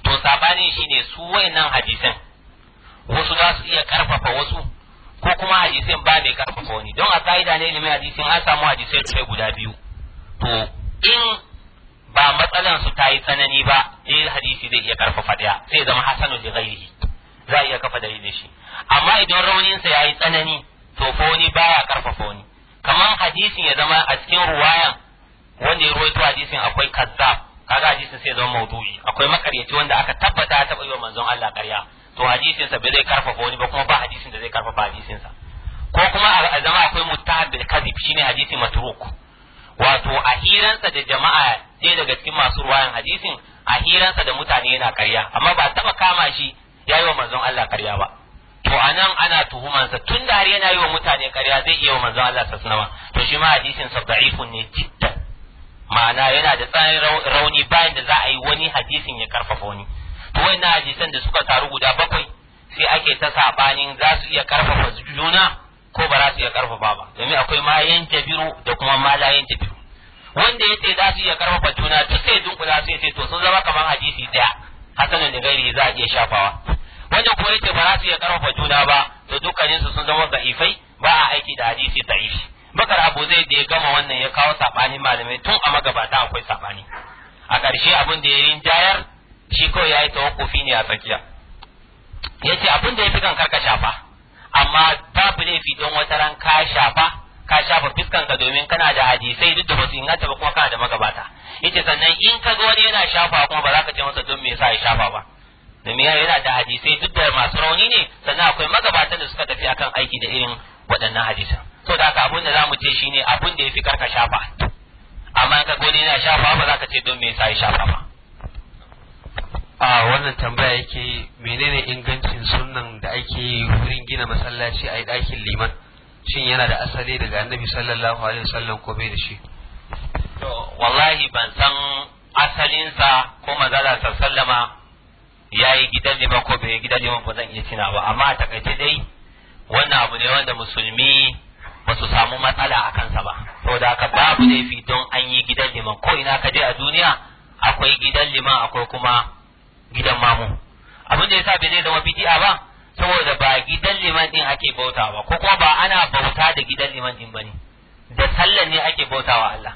to sabani shine su wayannan hadisan wasu za su iya karfafa wasu ko kuma hadisan ba mai karfafa wani don a ka'ida ne ilimin hadisin an samu hadisai da guda biyu to in ba matsalan su ta yi tsanani ba eh hadisi zai iya karfafa daya sai zama hasanu li gairi za iya kafa dalilin shi
amma idan rauninsa
ya yi tsanani to wani baya karfafa wani
kamar hadisin ya zama a cikin ruwayan
wanda ya ruwaito hadisin akwai kaza kaga hadisin sai zama maudu'i akwai makaryaci wanda aka tabbata ya taba yi wa manzon Allah ƙarya to hadisin sa bai zai karfafa wani ba kuma ba hadisin da zai karfafa hadisin sa ko kuma a zama akwai muttahab bil kadhib shine hadisi matruk wato a hiransa da jama'a sai daga cikin masu ruwayan hadisin a hiransa da mutane yana ƙarya amma ba taba kama shi yayi wa manzon Allah ƙarya ba to anan ana tuhumansa tun da har yana yi wa mutane ƙarya zai iya wa manzo Allah sallallahu to shi ma hadisin sa da'ifun ne jiddan ma'ana yana da tsayin rauni bayan da za a yi wani hadisin ya karfafa wani to wannan hadisan da suka taru guda bakwai sai ake ta sabanin za su iya karfafa juna ko ba za su iya karfafa ba domin akwai ma biro da kuma ma la biro. wanda ya ce za su iya karfafa juna duk sai dunkula sai sai to sun zama kamar hadisi daya hasanan da gairi za a iya shafawa wanda ko yake ba za su iya karfafa juna ba da dukkanin su sun zama da'ifai ba a aiki da hadisi da'ifi bakar abu zai da ya gama wannan ya kawo sabanin malamai tun a magabata akwai sabani a ƙarshe abin da ya yi rinjayar shi ko ya yi tawakkufi ne a tsakiya ya ce abin da ya fi kankar ka shafa amma babu laifi don wata ran ka shafa ka shafa ka domin kana da hadisai duk da ba su ba kuma kana da magabata yace sannan in ka ga wani yana shafa kuma ba za ka ce masa don me yasa ya shafa ba domin yana da hadisai duk da masu rauni ne sannan akwai magabatan da suka tafi akan aiki da irin waɗannan hadisan so da haka abin da zamu ce ne abin da yafi karka shafa
amma ka gani yana shafa ba za ka ce don me yasa ya shafa ba a wannan tambaya yake menene ingancin sunnan da ake wurin gina masallaci a ɗakin liman shin yana da asali daga annabi sallallahu alaihi wasallam ko bai da shi
to wallahi ban san asalinsa ko manzala sallama ya yi gidan liman ko bai gidan liman ba zan iya cina ba amma a takaice dai wannan abu ne wanda musulmi ba su samu matsala a kansa ba saboda haka babu laifi don an yi gidan liman ko ina ka je a duniya akwai gidan liman akwai kuma gidan mamu abin da yasa bai zai zama bid'a ba saboda ba gidan liman din ake bautawa ko kuma ba ana bauta da gidan liman din bane da sallan ne ake bautawa Allah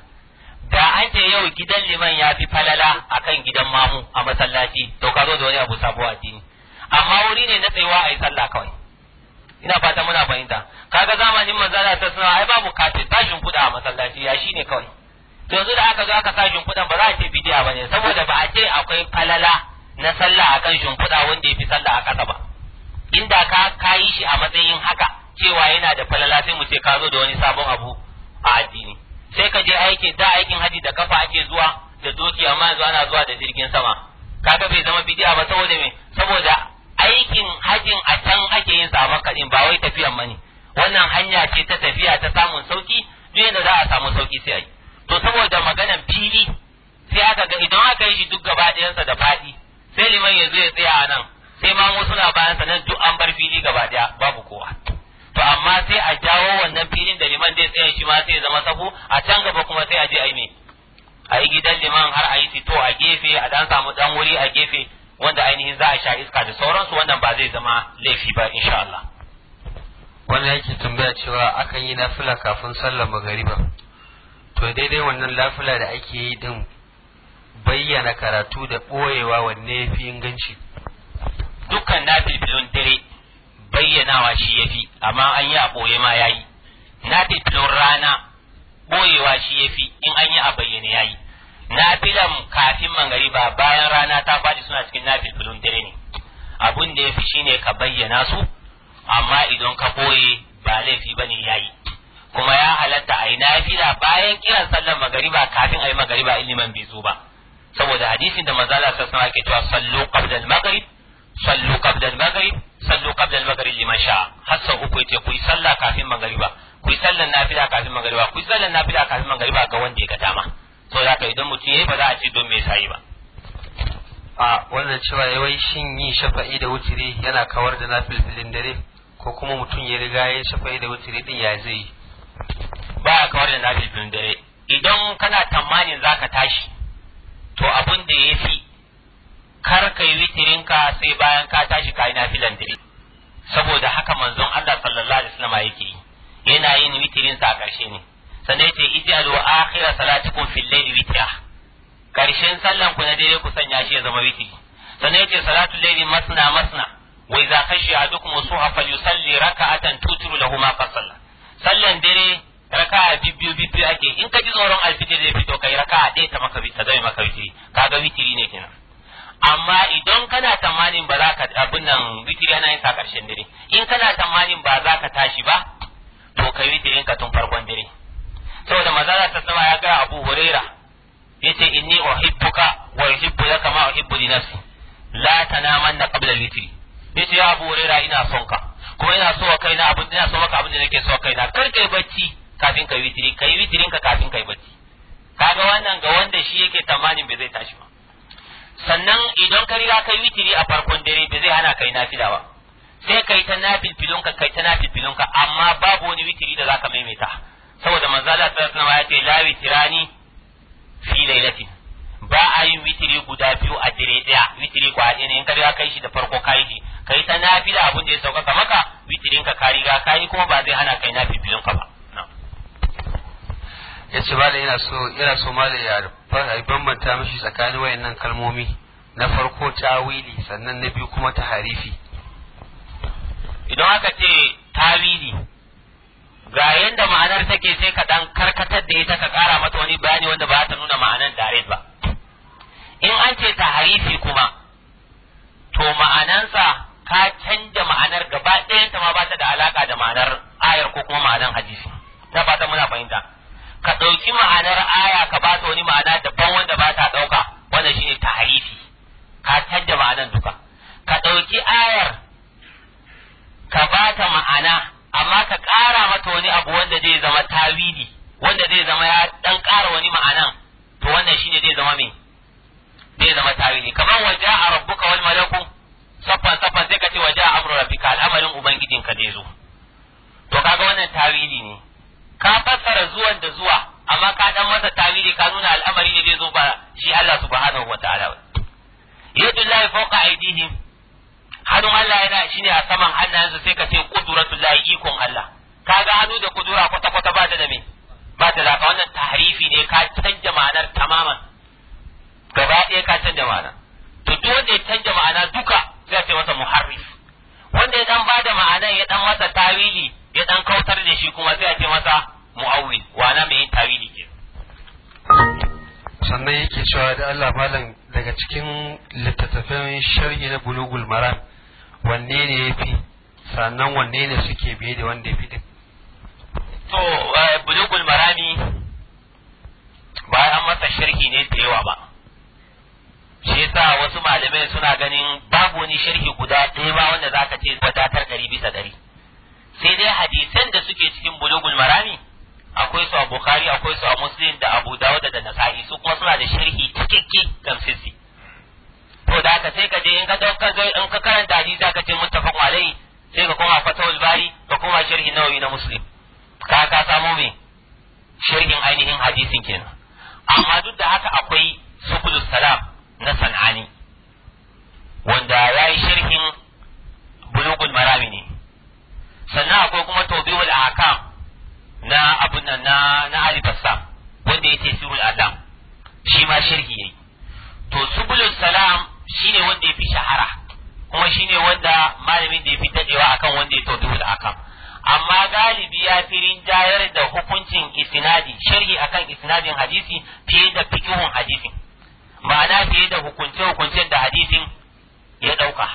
da an ce yau gidan liman ya fi falala akan gidan mamu a masallaci to ka zo da wani abu sabo addini amma wuri ne na tsayuwa a yi sallah kawai ina fata muna fahimta kaga zamanin da ta suna ai babu kafin tashin kuɗa a masallaci ya shine kawai to yanzu da aka zo aka sa shimfiɗan ba za a ce bidiya ba ne saboda ba a ce akwai falala na sallah akan shimfiɗa wanda ya fi sallah a ƙasa ba inda ka kayi shi a matsayin haka cewa yana da falala sai mu ce ka zo da wani sabon abu a addini sai ka je aiki da aikin haji da kafa ake zuwa da doki amma yanzu ana zuwa da jirgin sama kaga bai zama bid'a ba saboda me saboda aikin hajin a can ake yin sa Makka din ba wai tafiyan bane wannan hanya ce ta tafiya ta samun sauki duk yadda za a samu sauki sai ai to saboda maganan fili sai aka ga idan aka yi shi duk gaba ɗayansa da faɗi sai liman ya zo ya tsaya a nan sai ma wasu na bayan sa nan duk an bar fili gaba ɗaya babu kowa to amma sai a jawo wannan filin da liman zai tsaya shi ma sai zama sabo a can gaba kuma sai a je a yi a yi gidan liman har a yi fito a gefe a dan samu dan wuri a gefe wanda ainihin za a sha iska da sauransu wannan ba zai zama laifi ba insha Allah
wannan yake tambaya cewa akan yi nafila kafin sallar magariba to daidai wannan lafila da ake yi din bayyana karatu da ɓoyewa wanne ya fi inganci
dukkan nafilfilun dare bayyanawa shi ya fi amma an yi a ɓoye ma yi na filin rana ɓoyewa shi ya fi in an yi a bayyane yayi na filan kafin mangariba bayan rana ta faɗi suna cikin na filin dare ne abun da yafi shine ka bayyana su amma idan ka ɓoye ba laifi ba ne ya yi kuma ya halatta a yi fila bayan kiran sallar magariba kafin a yi magariba liman bai zo ba saboda hadisin da maza sallallahu alaihi wasallam ke cewa sallo qabla al-maghrib sallu qabla al-maghrib sallu qabla al-maghrib liman sha'a hasa uku yace ku yi sallah kafin magriba ku yi nafila kafin magriba ku yi nafila kafin magriba ga wanda
ya ga dama to za ka idan mutum yayi ba za a ce don me sai yi ba a wannan cewa yawai shin yi shafa'i da wutiri yana kawar da nafilfilin dare ko kuma mutum ya riga yayi shafa'i da wutiri din ya zai ba ya kawar da nafilfilin dare idan
kana tamanin zaka tashi to abin da ya fi kar ka yi witirinka sai bayan ka tashi ka yi nafilan dare saboda haka manzon Allah sallallahu alaihi wasallam yake yi yana yin witirin sa karshe ne sannan yace ijalu akhir salatukum fil layli witra karshen sallan ku na dare ku sanya shi ya zama witiri sannan yace salatul layli masna masna wa idza khashiya ahadukum suha falyusalli raka'atan tutru lahu ma qasalla sallan dare raka'a bibbiyu bibbiyu ake in ka ji tsoron alfitir zai fito kai raka'a ɗaya ta maka ta zai maka witiri kaga witiri ne kenan amma idan kana tamanin ba za ka abin nan zikiri ana yin sa ƙarshen dare in kana tamanin ba za ka tashi ba to ka yi tirin ka tun farkon dare saboda mazala ta sama ya gaya Abu Huraira yace inni uhibbuka wa uhibbu laka ma uhibbu li nafsi la tanamanna qabla al-witr yace ya Abu Huraira ina son ka kuma ina so kaina abin ina so maka abin da nake so kaina kar kai bacci kafin kai witiri kai witirin ka kafin kai bacci kaga wannan ga wanda shi yake tamanin bai zai tashi ba sannan idan ka riga kai witiri a farkon dare ba zai hana kai nafila ba sai kai ta nafil filonka kai ta nafil filonka amma babu wani witiri da zaka maimaita saboda manzo Allah sallallahu alaihi wasallam ya ce la witirani fi lailatin ba a yin witiri guda biyu a dare daya witiri ko a ne in ka riga kai shi da farko kai shi kai ta nafila abun da ya sauka maka witirin ka ka riga
kai kuma ba zai hana kai nafil filonka ba ya ce yana so yana so ya bambanta mishi tsakanin wayannan kalmomi na farko tawili sannan na biyu kuma harifi
idan aka ce tawili ga yanda ma'anar take sai ka dan karkatar da ita ka kara mata wani bayani wanda ba ta nuna ma'anar direct ba in an ce taharifi kuma to ma'anansa ka canja ma'anar gaba ɗayanta ma ba ta da alaka da ma'anar ayar ko kuma ma'anar hadisi na fata muna fahimta ka ɗauki ma'anar aya ka ba ta wani ma'ana daban wanda ba ta ɗauka wannan shine tahrifi ka tadda ma'anar duka ka ɗauki ayar
ka ba ta ma'ana
amma ka ƙara mata wani abu wanda zai zama tawili wanda zai zama ya ɗan ƙara wani ma'anan to wannan shine zai zama me zai zama tawili kamar waje a rabbuka wani malaku saffan saffan sai ka ce waje a amru ka al'amarin ubangijinka zai zo to kaga wannan tawili ne ka fassara zuwan da zuwa amma ka dan masa tawili ka nuna al'amari ne zai zo ba shi Allah subhanahu wataala ba yadullahi fawqa aidihim hannun Allah yana shine a saman hannayensu sai ka ce qudratullahi ikon Allah ka ga hannu da kudura kwata kwata ba ta da me ba ta da wannan tahrifi ne ka canja ma'anar tamaman gaba ɗaya ka canja ma'ana to duk wanda ya canja ma'ana duka zai ce masa muharrif wanda ya dan bada ma'ana ya dan masa tawili ya dan kautar da shi kuma sai a ce masa mu'awwil wana mai yin tawili ke
sannan yake cewa da Allah malam daga cikin littattafan sharhi na bulugul maram wanne ne ya fi sannan wanne ne suke biye da wanda ya fi din
to eh, bulugul marami bayan an masa sharhi ne da yawa ba shi yasa wasu malamai suna ganin babu wani sharhi guda ɗaya ba wanda zaka ce wadatar ɗari bisa ɗari sai dai hadisan da suke cikin bulugul marami akwai su a bukhari akwai su a muslim da abu dawud da nasa'i su kuma suna da sharhi cikakke sisi to da ka sai ka je in ka dauka ga in ka karanta hadisi ka ce muttafaq alai sai ka koma fatawul bari ka kuma sharhi nawawi na muslim ka ka samu me sharhin ainihin hadisin kenan amma duk da haka akwai subulus salam na san'ani wanda ya yi sharhin bulugul marami ne sannan akwai kuma tawbiul ahkam na abun nan na na alibassam wanda ya tesirul adam shi ma shirki ne. to subulus salam shine wanda ya fi shahara kuma shine wanda malamin da ya fi dadewa akan wanda ya da akam amma galibi ya fi rinjayar da hukuncin isnadi sharhi akan isnadin hadisi fiye da fikihun hadisin ma'ana fiye da hukunce hukuncen da hadisin ya dauka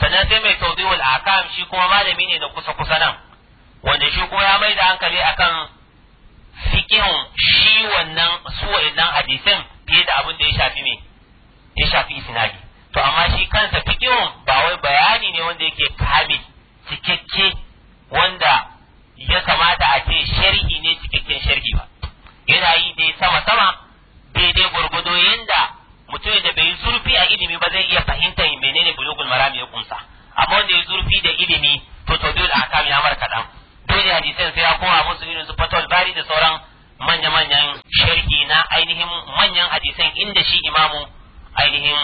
sannan sai mai tawdi'ul akam shi kuma malami ne da kusa kusa nan wanda shi kuma ya mai da hankali akan fikin shi wannan su wa'annan hadisin fiye da abin da ya shafi ne, ya shafi isnadi to amma shi kansa fikin ba wai bayani ne wanda yake kamil cikakke wanda ya kamata a ce sharhi ne cikakken sharhi ba yana yi dai sama sama daidai gwargwado yadda mutum da bai yi zurfi a ilimi ba zai iya fahimta, menene bulugul marami ya kunsa amma wanda ya zurfi da ilimi to to dole a kam ya kaɗan. sai da hadisan sai ya koma musu irin su fatul bari da sauran manya-manyan sharhi na ainihin manyan hadisan inda shi imamu ainihin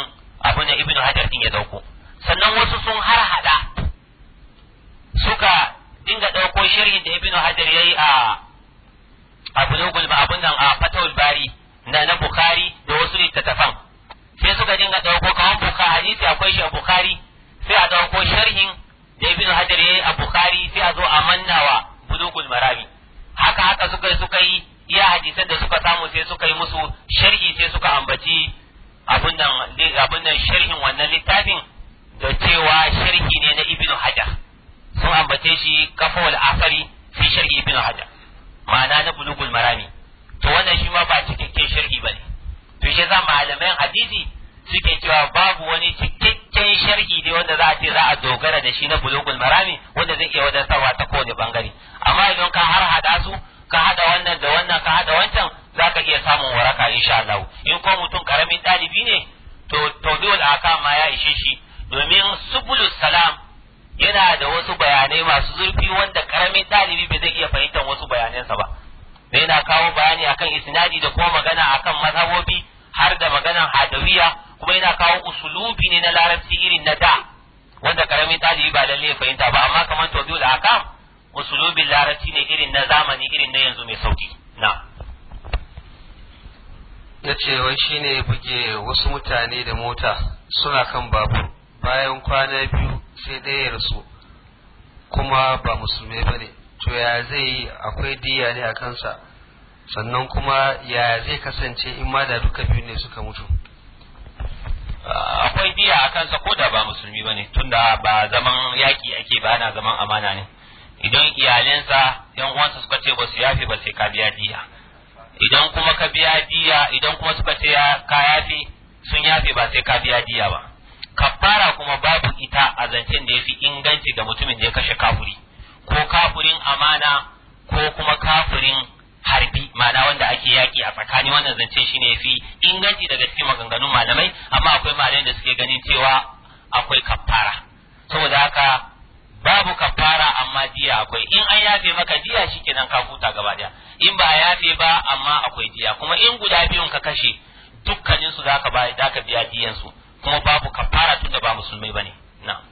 abu da ibnu hajar din ya dauko sannan wasu sun har hada suka dinga dauko sharhin da ibnu hajar yayi a abu da abun nan a fatul bari na na bukhari da wasu littattafan sai suka dinga dauko kawan bukhari hadisi akwai shi a bukhari sai a dauko sharhin da ibn hajar yayi a bukhari sai a zo a mannawa bulugul marami haka haka suka suka yi iya hadisan da suka samu sai suka yi musu sharhi sai suka ambaci abun nan abun nan sharhin wannan littafin da cewa sharhi ne na ibn hajar sun ambace shi kafawul asari fi sharhi ibn hajar ma'ana na bulugul marami to wannan shi ma ba cikakken sharhi bane to shi yasa malaman hadisi suke cewa babu wani cikakken sharhi dai wanda za a ce za a dogara da shi na bulugul marami wanda zai iya wajen wadatarwa ta kowane bangare amma idan ka har hada su ka hada wannan da wannan ka hada wancan za ka iya samun waraka insha Allah in ko mutum karamin dalibi ne to tawdiul aka ma ya ishe shi domin subulus salam yana da wasu bayanai masu zurfi wanda
Shi ne buge wasu mutane da mota suna kan babur bayan kwana biyu sai ɗaya ya rasu kuma ba musulmai ba ne to ya zai yi akwai diya ne a kansa sannan kuma ya zai kasance in ma da duka biyu ne suka mutu akwai
diya a kansa ko da ba musulmi ba ne tunda ba zaman yaƙi ake ba ana zaman amana ne idan iyalinsa yan uwansa suka ce ba su yafe ba sai ka biya diya idan kuma ka biya diya idan kuma suka ce ka yafi sun yafi ba sai ka biya diya ba kafara kuma babu ita a zancen da yafi inganci da mutumin da ya kashe kafuri ko kafurin amana ko kuma kafurin harbi ma'ana wanda ake yaki a tsakani wannan zance ne yafi inganci daga cikin maganganun malamai amma akwai malamai da suke ganin cewa akwai kafara saboda haka babu kafara amma diya akwai in an yafe maka diya shikenan ka huta gaba daya in ba yafe ba amma akwai diya kuma in guda biyun ka kashe dukkanin su zaka ba zaka biya diyan su kuma babu kafara da ba musulmai bane na'am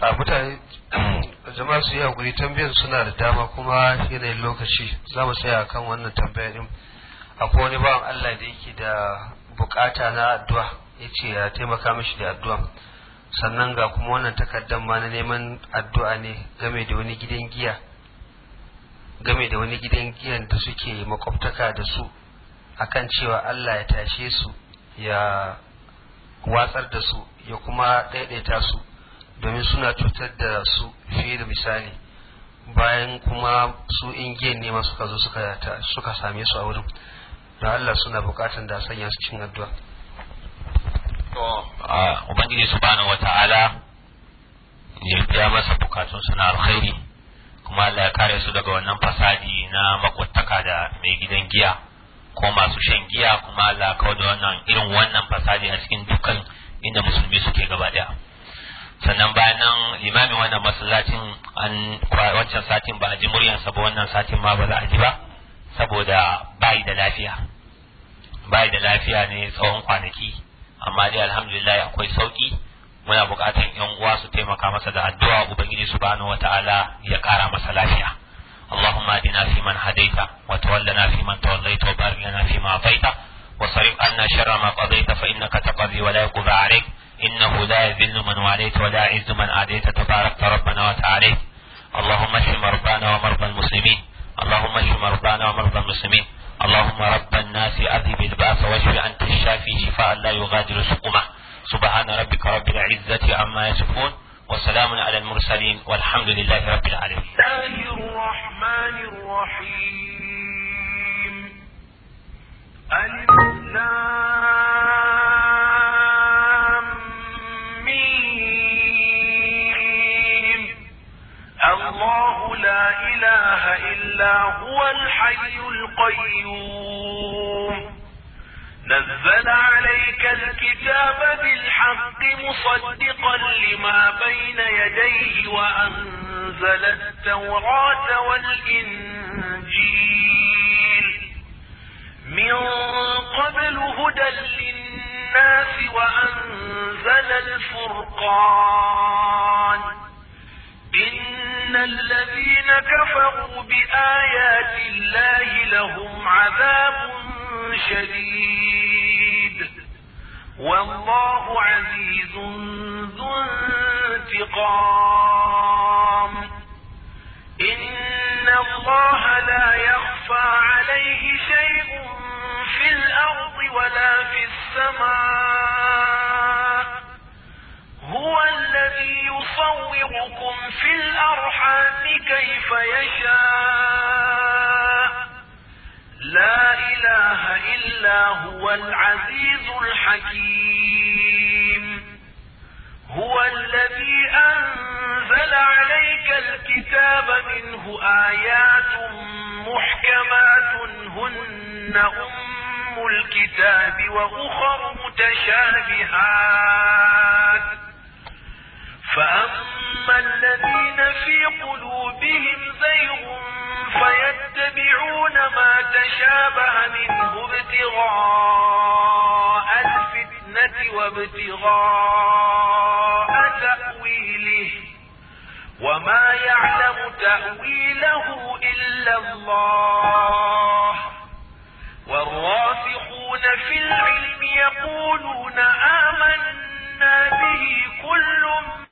a mutane jama'a su yi hakuri tambayar suna da dama kuma yanayin lokaci za mu tsaya kan wannan tambayar din akwai wani bawan Allah da yake da bukata na addu'a yace ya taimaka mishi da addu'a sannan ga kuma wannan takardar ma na neman addu'a ne game da wani gidan giya game da wani gidan giyan da suke makwabtaka da su akan cewa Allah ya tashe su ya watsar da su ya kuma ɗaiɗaita su domin suna cutar da su fiye da misali bayan kuma su ingiyan ne masu ka zo suka same su a wurin da Allah suna bukatan da sanya su cin addu'a to ubangiji subhanahu wata'ala ya biya masa bukatun na alkhairi kuma Allah ya kare su daga wannan fasadi na makwattaka da mai gidan giya
ko masu shan giya kuma Allah ya kawo da wannan irin wannan fasadi a cikin dukkan inda musulmi suke gaba daya sannan bayan nan limamin wannan masallacin an wancan satin ba a ji muryan sa ba wannan satin ma ba za a ji ba saboda bai da lafiya bai da lafiya ne tsawon kwanaki amma dai alhamdulillah akwai sauki muna buƙatar yan uwa su taimaka masa da addu'a ubangiji subhanahu wataala ya ƙara masa lafiya اللهم اهدنا فيمن هديت وتولنا فيمن توليت وبارك لنا فيما اعطيت وصرف عنا شر ما قضيت فانك تقضي ولا يقضى عليك انه لا يذل من واليت ولا يعز من عاديت تبارك ربنا وتعاليت اللهم اشف مرضانا ومرضى المسلمين اللهم اشف مرضانا ومرضى المسلمين اللهم رب الناس اذهب الباس واشف انت الشافي شفاء لا يغادر سقما سبحان ربك رب العزة عما يصفون وسلام على المرسلين والحمد لله
رب العالمين الله الرحمن الرحيم
الم الله لا إله إلا هو الحي القيوم
نزل
عليك الكتاب بالحق مصدقا لما بين يديه وأنزل التوراة والإنجيل من قبل هدى للناس وأنزل الفرقان إن الذين كفروا بآيات الله لهم عذاب شديد والله عزيز ذو انتقام إن الله لا يخفى عليه شيء في الأرض ولا في السماء هو الذي يصوركم في الأرحام كيف يشاء لا إله إلا هو العزيز الحكيم هو الذي أنزل عليك الكتاب منه آيات محكمات هن أم الكتاب وأخر متشابهات فأما الذين في قلوبهم زيغ فيتبعون ما تشابه منه ابتغاء الفتنة وابتغاء تأويله وما يعلم تأويله إلا الله والراسخون في العلم يقولون آمنا
به كل